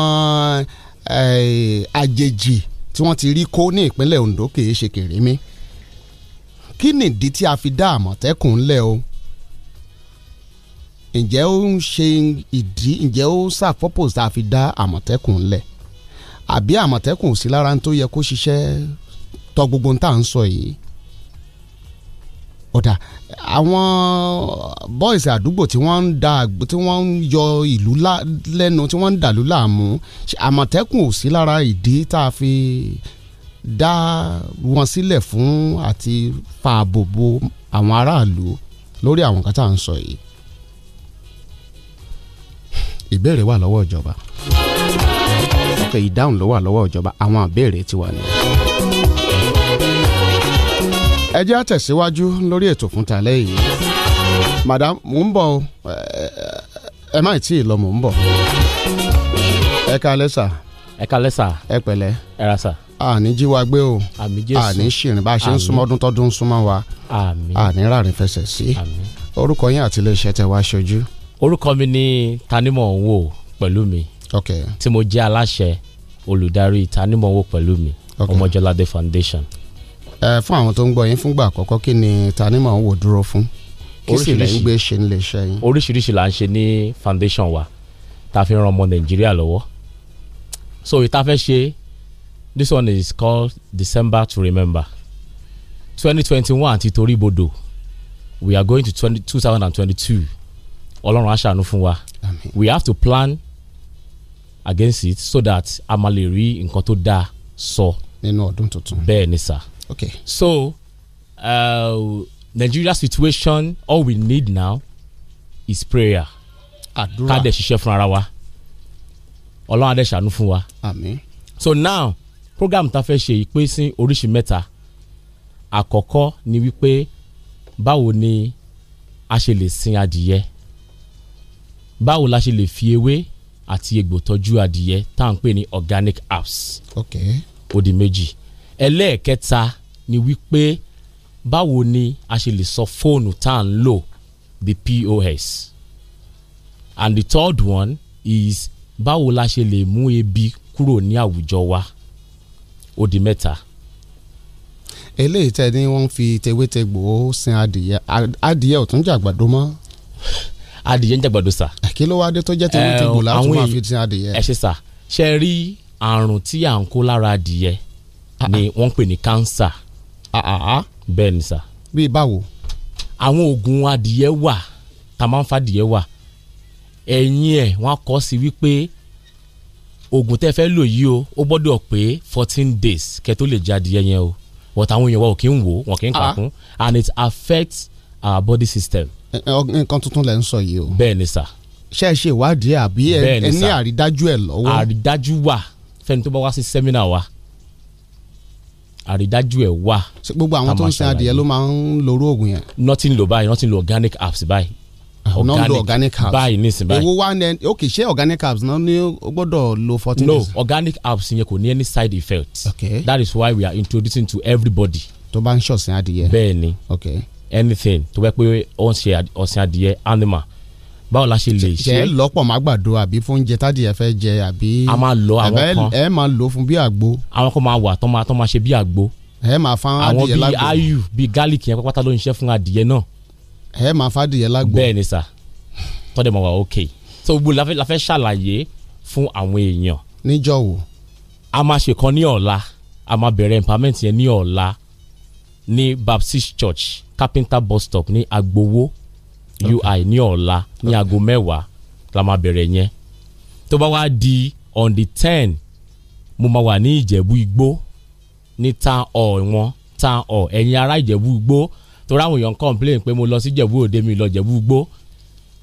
eh, àjèjì tí wọ́n ti rí kó ní ìpínlẹ̀ Ondo kìí ṣe kèrémí kí nìdí tí a fi dá Àmọ̀tẹ́kùn ńlẹ̀ o ǹjẹ́ ó ń ṣe ìdí ǹjẹ́ ó ṣàpọ́pọ̀ tá a fi dá Àmọ̀tẹ́kùn ńlẹ̀ àbí Àmọ̀tẹ́kùn sí lára tó yẹ kó ṣiṣẹ́ tọ gbogbo ń tà ń sọ yìí ọ̀dà àwọn boys àdúgbò tí wọ́n ń da tí wọ́n ń yọ ìlú lẹ́nu tí wọ́n ń dàlú láàmú àmọ̀tẹ́kùn ò sí lára ìdí tá a fi dá wọn sílẹ̀ fún àti fa ààbò bo àwọn aráàlú lórí àwọn kan tá à ń sọ yìí ìbéèrè wà lọ́wọ́ ìjọba ìdáhùn ló wà lọ́wọ́ ìjọba àwọn àbẹ̀rẹ̀ ti wà nìyẹn ẹ jẹ́ àtẹ̀síwájú lórí ètò fún tàlẹ́ yìí madam mò ń bọ̀ ẹ má tí ì lọ mò ń bọ̀ ẹ kalẹ́ sà ẹ kalẹ́ sà ẹ pẹ̀lẹ́ ẹ ra sà àní jí wa gbé o àní ṣìrìn bá a ṣe ń súnmọ́ ọdún tọ́dún ń súnmọ́ wa àní rárín fẹsẹ̀ sí orúkọ yín àti iléeṣẹ́ tẹ wá ṣojú. orúkọ mi ni Tanimọ̀ọ́wò Pẹ̀lúmi tí mo jẹ́ aláṣẹ olùdarí Tanimọ̀ọ́wò Pẹ̀lúmi Ọmọjọ́ládé foundation fún àwọn tó ń gbọ́ yín fúngbà àkọ́kọ́ kí ni tanímọ̀ ń wò dúró fún kí sì lẹ́ gbé ṣe ń lè ṣe yín. oríṣiríṣi là ń ṣe ní foundation wa tá a fi ran ọmọ nàìjíríà lọ́wọ́ so ìta fẹ́ ṣe this one is called december to remember twenty twenty one àti torí bodò we are going to twenty two thousand and twenty two ọlọ́run aṣàánú fún wa we have to plan against it so that a máa lè rí nǹkan tó dáa sọ nínú ọdún tuntun bẹ́ẹ̀ ni sà. So. Okay. So, uh, Nigeria's situation, all we need now is prayer. Àdúrà. Ká dẹ̀ ṣiṣẹ́ ara wa. Ọlọ́run á dẹ̀ fún wa. Àmín. So now, program ta fẹ́ ṣe ìpín sí oríṣi mẹ́ta. Àkọ́kọ́ ni wípé báwo ni a ṣe lè sin adìyẹ? Báwo la ṣe lè fi ewé àti egbò tọ́jú adìyẹ tá à ń pè ní organic herbs. Okay. Odi di méjì ẹlẹ́ẹ̀kẹta ni wípé báwo ni a ṣe lè sọ fóònù tá à ń lò the POS and the third one is báwo la ṣe lè mú ebi kúrò ní àwùjọ wa ó di mẹ́ta. eléyìí tẹ ni wọ́n fi tewétegbò sin adìyẹ adìyẹ ò tún jàgbàdo mọ́. adìyẹ ń jàgbàdo sà. kí ló wá dé tó jẹ́ tewétegbò eh, láti máa fi sin adìyẹ. ẹ ṣe sà ṣe rí àrùn tí à ń kó lára adìyẹ Ah, ni ah. wọ́n ń pè ní cancer. Ah, bẹ́ẹ̀ ni sà. bíi báwo. àwọn oògùn adìyẹ wà tá a máa ń fa adìyẹ wà ẹ̀yìn ẹ̀ wọ́n á kọ́ sí wípé oògùn tẹ́ fẹ́ lò yìí o ó gbọ́dọ̀ pé fourteen days kẹ́ tó lè jẹ adìyẹ yẹn o but àwọn èèyàn wa ò kí ń wò wọn kì í kà and it affects our body system. nǹkan tuntun lẹ ń sọ yìí o. bẹ́ẹ̀ ni sà. ṣé ẹ ṣe ìwádìí àbí ẹ ní àrídájú ẹ lọ́wọ́. àrídájú wà fẹ́ni tó bá wá sí sẹ́mínà wa àrídájú ẹ̀ wà. ṣé gbogbo àwọn tó ń sin adìyẹ ló máa ń lo oògùn yẹn. nothing lo báyìí nothing lo organic herbs báyìí. Ah, organic non organic herbs báyìí nísìnyí báyìí. èwo wá ní ok ṣé organic herbs náà ni ó gbọ́dọ̀ lo fourteen days. no organic herbs yẹn kò ní any side effect. okay that is why we are introducing to everybody. tó bá ń ṣọ̀sìn adìyẹ. bẹ́ẹ̀ ni okay anything tó bá pé ó ń ṣe ọ̀sìn adìyẹ animal báwo la ṣe lè ṣe. ṣe lọ́pọ̀ má gbàdo àbí fún oúnjẹ tádì ẹ fẹ́ jẹ àbí. a máa lọ àwọn kan ẹ máa lọ fún bí àgbo. àwọn kan máa wà tán máa tán máa ṣe bí àgbo. ẹ máa fán adìyẹ lágbo. àwọn bíi ayu bíi garlic yẹn pátá ló ń ṣe fún adìyẹ náà. ẹ máa fá adìyẹ lágbo. bẹ́ẹ̀ ni sà tọ́dẹ̀ mọ̀ wá ok so gbogbo la fẹ́ la fẹ́ ṣàlàyé fún àwọn èèyàn. níjọ́ wo. a máa ṣèkan ní ọ̀la a máa bẹ̀rẹ̀ empowerment yẹn ní ọ̀la ní Baptist Church Carpenter bus stop ní Agbowo ui ní ọ̀la ní aago mẹ́wàá la máa bẹ̀rẹ̀ yẹn tó bá wá di on the ten mo máa wà ní ìjẹ̀bú igbó ní town hall wọn town hall ẹ̀yin ará ìjẹ̀bú igbó torí àwọn èèyàn complain pé mo lọ sí ìjẹ̀bú òde mi lọ ìjẹ̀bú igbó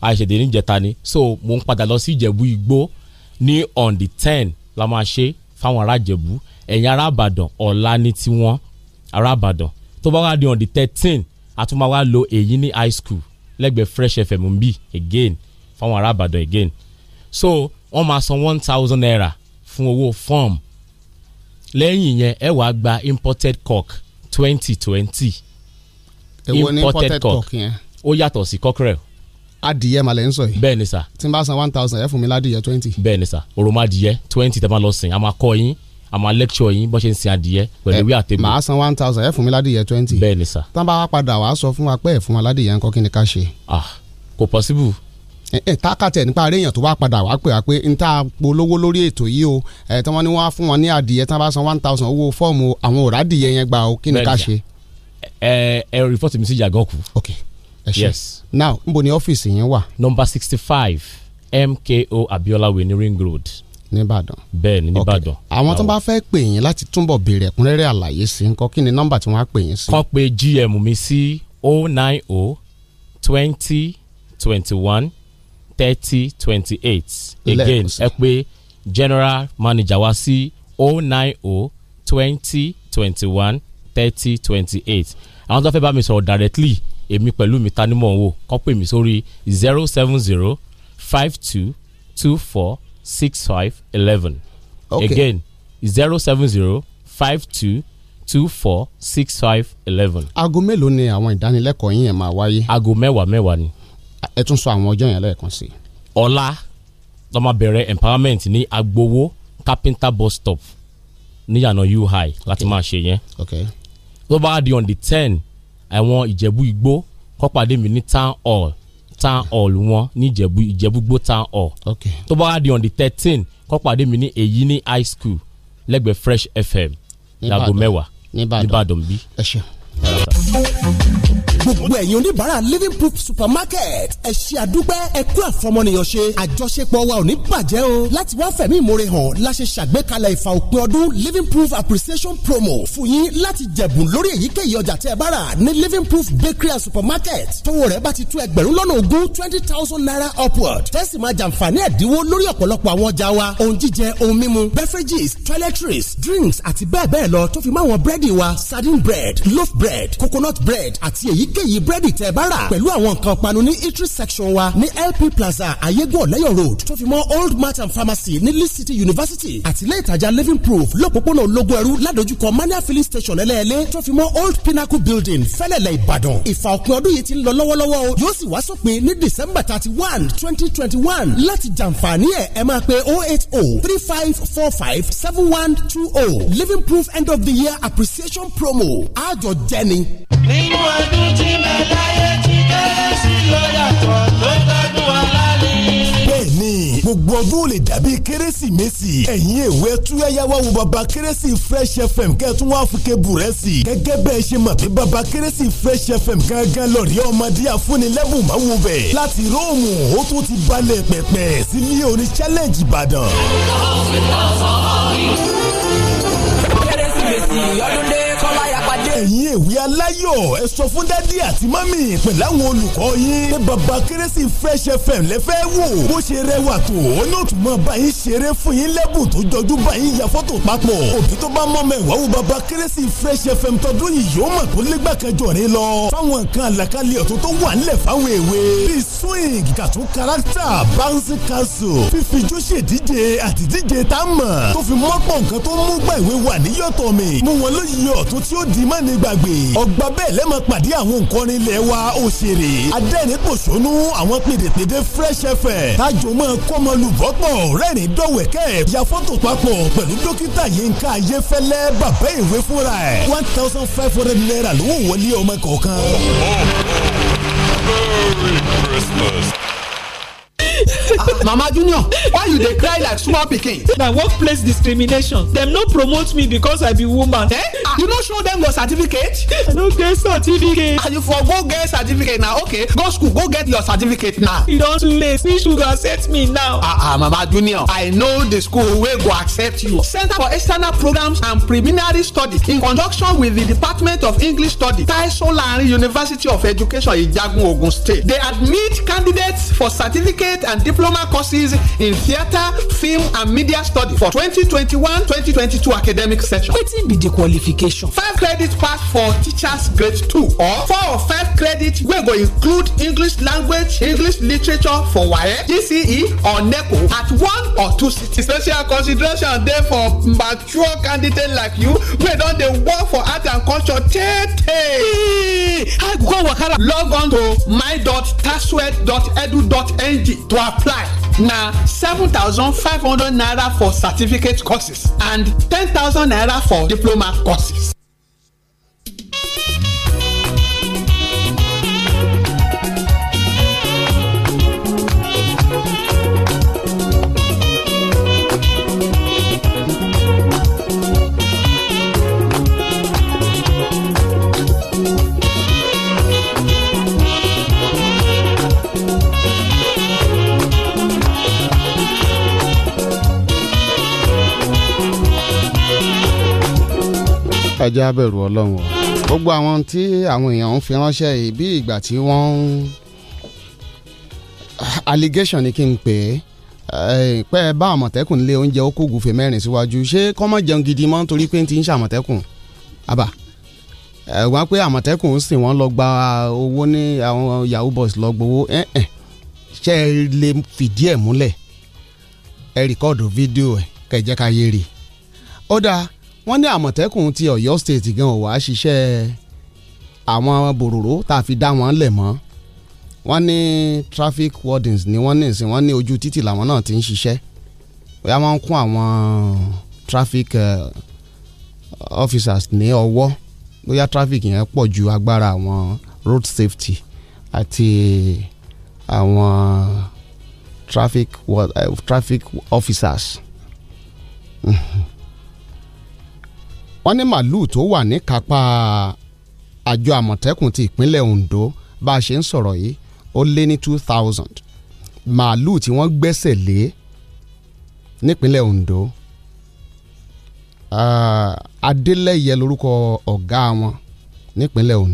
àìṣèdè ní ìjẹta ni so mo ń padà lọ sí ìjẹ̀bú igbó ní on the ten la máa ṣe fáwọn ará ìjẹ̀bú ẹ̀yin ará àbàdàn ọ̀la ní tiwọn ará àbàdàn tó bá wá di on the thirteen a tún máa wá lo èyí ní high school lẹ́gbẹ̀ẹ́ fresh fm ń bì again fáwọn ará àbàdàn again so wọ́n máa san one thousand naira fún owó form lẹ́yìn yẹn ẹ wàá gba imported cock twenty twenty imported cock ó yàtọ̀ sí cockerel adìyẹ màlẹ̀ ń sọ yìí. bẹ́ẹ̀ ni sà. tí n bá san one thousand ẹ fún mi ládìyẹ twenty. bẹ́ẹ̀ ni sà òròmọ adìyẹ twenty tẹ́ bá lọ sìn a máa yín àmọ́ lẹ́kṣọ̀ yín bó ṣe ń sin adìyẹ pẹ̀lú ìwé eh, àtẹ̀bù. màá san one thousand ẹ fún mi ládìyẹ twenty. bẹ́ẹ̀ni sà. tán bá wá padà wàá sọ fún wa pé ẹ fún wa ládìyẹ ńkọ́ kí ni ká ṣe. ah kò possible. ẹ eh, ẹ eh, tákàtẹ nípa àárẹ èèyàn tó wá padà wá pè wá pé n ta polówó lórí ètò yìí o ẹ tí wọn ní wọn á fún wọn ní adìyẹ tán bá san one thousand owó fọ́ọ̀mù àwọn òrà adìyẹ yẹn gbà o kí ni ká ṣe. ẹ ẹ rìpọ́tì mi sí jagoku. ok ẹ ṣe yes. now nbo ni ọ́fíìsì yẹn wà. number sixty five mko abiola way ní ring road nìbàdàn. bẹ́ẹ̀ni nìbàdàn. àwọn tó bá fẹ́ pè yín láti túnbọ̀ béèrè ẹ̀kúnrẹ́rẹ́ àlàyé sí nǹkan kí ni nọ́mbà tí wọ́n á pè yín sí. kọ́ pé gm mi sí o oh nine o oh twenty twenty one thirty twenty eight again ẹ pé general manager wa sí o oh nine o twenty twenty one thirty twenty eight àwọn tó fẹ́ bá mi sọ̀rọ̀ directly èmi pẹ̀lú mi ta ni mò wò kọ́ pè mí sórí zero seven zero five two two four six five eleven. Okay. Again, zero seven zero five two two four six five eleven. aago mélòó ni àwọn ìdánilẹ́kọ̀ọ́ yín yẹn máa wáyé. aago mẹ́wàá mẹ́wàá ni. ẹ tún sọ àwọn ọjọ́ yẹn lẹ́ẹ̀kan sí. ọ̀la ló empowerment ní agbowó carpenter bus stop níyànà u high láti máa ṣe yẹn. tó bá di on the ten àwọn ìjẹ̀bú igbó kọ́pàdé mi ní town hall town hall wọn ní ìjẹ̀bú ìjẹ̀búgbó town hall okay. tó bá wá di on the thirteen kọ́ pàdé mi ní èyí ní high school lẹ́gbẹ̀ẹ́ fresh fm láago mẹ́wàá nìbàdàn bí. ẹ ṣeun gbogbo ẹ̀yin oníbàárà living proof supermarket ẹ ṣé àdúpẹ́ ẹ kú àfọmọnìyàn ṣe àjọṣepọ̀ wa ò ní bàjẹ́ o láti wá fẹ̀mí ìmoore hàn la ṣe ṣàgbékalẹ̀ ìfà òpin ọdún living proof appreciation promo fún yín láti jẹ̀bùn lórí èyíkéyìí ọjà tẹ́ ẹ bá rà ní living proof bakery and supermarket tówó rẹ̀ bá ti tó ẹgbẹ̀rún lọ́nà ogún twenty thousand naira upward tẹ́sí máa jàǹfààní ẹ̀dínwó lórí ọ̀pọ̀lọpọ̀ àwọn ọjà wa ohun jíjẹ ohun mímu beverages toiletries drinks àti bẹ́ẹ̀ bẹ́ẹ̀ lọ tó fi máwọn búrẹ́dì wa sardine bread loaf bread coconut bread àti èyí èyíkéyìí búrẹ́dì tẹ́ bá rà pẹ̀lú àwọn nǹkan panu ní eatery section wa ní LP Plaza ayégún ọ̀lẹ́yọ̀ road tó fi mọ́ old martin pharmacy ní lee city university àti ilé ìtajà living proof lọ́pọ̀pọ̀nà ológun ẹrú ládojúkọ mania filling station ẹlẹ́ẹ̀lẹ́ tó fi mọ́ old pinnacle building fẹ́lẹ̀lẹ̀ ìbàdàn ìfà òpin ọdún yìí ti ń lọ lọ́wọ́lọ́wọ́ o yóò sì wá sópin ní december thirty one twenty twenty one láti jàǹfààní ẹ̀ ẹ máa pe oh eight oh three five four five seven one two oh living proof end of the year appreciation promo àjọ jẹni. nínú ọdún gbogbo ọdún ò lè dàbí kérésìmesì ẹ̀yin èwe túyáyáwá wo baba kérésì fresh fm kẹ́tún wá fún kébù rẹ̀ sí i gẹ́gẹ́ bẹ́ẹ̀ ṣe mọ̀ pé baba kérésì fresh fm gángan lọ́ọ̀rì ọmọdé àfúnilẹ́bùn máa wo bẹ̀ láti róòmù ó tún ti balẹ̀ pẹ̀pẹ̀ sílé orin challenge ìbàdàn. kérésìmesì ọdún dé ẹ̀yin èwe aláyọ̀ ẹ sọ fún dádì àti mọ́mì pẹ̀lú àwọn olùkọ́ yín pé baba kérésì fresh fm lẹ́fẹ́ wò bó ṣe rẹwà tó ó ní òtún mọ́ báyìí ṣeré fún yín lẹ́bùn tó jọjú báyìí ya fọ́tò papọ̀ òbí tó bá mọ́ mẹ́wàá wo baba kérésì fresh fm tọdún yìí yóò mọ̀ tó lé gbàkẹ́jọ rẹ lọ fáwọn nǹkan àlàkalẹ̀ ọ̀tún tó wà nílẹ̀ fáwọn èwe bíi swing gàtú kárátà bouncy castle fífi jó ṣe díje àti díje tá a mọ̀ tó fi mọ́pọ̀ nǹkan tó mú gbà ìwé wà níyọ̀tọ̀ mi mú wọn lóyè ọ̀tún tí ó di mọ́ lè gbàgbé ọgbà bẹ́ẹ̀ lẹ́mọ̀ pàdé àwọn nkọrin ilẹ̀ wa òṣèré adẹ́rìn pòṣónú àwọn pèdèpèdè fresh fm tájò mọ́ kọ́mọlúbọ́pọ̀ rẹ́rìn dọ́wẹ̀kẹ́ ya fọ́tò papọ̀ pẹ̀lú dókítà yínká ayéfẹ́lẹ́ bàbá ìwé fúnra ẹ̀ one thousand five hundred naira lówó wọlé ọmọ kọ̀ọ̀kan. Oh, oh, oh, Merry Christmas. [laughs] mama junior why you dey cry like small pikin na workplace discrimination dem no promote me because i be woman eh ah, you no show dem your certificate i no get certificate and ah, you for go get certificate na okay go school go get your certificate now e don too late which school go accept me now ah ah mama junior i know the school wey go accept you center for external programs and preliminary studies in conjunction with the department of english studies taiso larin university of education ijagun ogun state dey admit candidates for certificate and diploma courses in theatre film and media studies for 2021-2022 academic session. wetin be di qualification? five credit pass for teachers grade two or four or five credit wey go include english language english literature for waye gce or neco at one or two cities. special consideration dey for mature candidates like you wey don dey work for art and culture tey tey. i go wakala. log on to my.tasweb.edu.ng to to apply na seven thousand five hundred naira for certificate courses and ten thousand naira for diploma courses ẹja bẹ̀rù ọlọ́run o gbogbo àwọn tí àwọn èèyàn ń fi ránṣẹ́ yìí bí ìgbà tí wọ́n ń allegation ni kí n pè é pé ẹ bá àmọ̀tẹ́kùn lé oúnjẹ ó kó gùfè mẹ́rin síwájú ṣé kọ́mọ jẹun gidi mọ́ nítorí pé ń ti ń ṣàmọ̀tẹ́kùn àbá wá pé àmọ̀tẹ́kùn ń sìn wọ́n lọ gba owó ní àwọn yahoo boys lọ gbowó ṣé ẹ lè fìdí ẹ̀ múlẹ̀ ẹ rìkọ́ọ̀dù fídíò ẹ̀ kẹ̀jẹ́ ká yé rí ó dáa wọ́n ní àmọ̀tẹ́kùn ti ọ̀yọ́ state gan ọ̀ wá ṣiṣẹ́ àwọn bòròró tá a fi dá wọn lẹ̀ mọ́ wọ́n ní traffic wardens ni wọ́n ní ìsìn wọ́n ní ojú títì làwọn náà ti ń ṣiṣẹ́ bóyá wọ́n ń kún àwọn traffic eh, officers ní ọwọ́ bóyá traffic yẹn pọ̀ ju agbára àwọn road safety àti àwọn traffic, uh, traffic officers wọ́n ní màlúù tó wà ní kápá àjọ àmọ̀tẹ́kùn ti ìpínlẹ̀ Ondo bá a ṣe ń sọ̀rọ̀ yìí ó lé ní two thousand màlúù tí wọ́n gbẹ́sẹ̀ lé nípínlẹ̀ Ondo ah, Adélẹ́yẹ lórúkọ ọ̀gá wọn nípínlẹ̀ Ondo.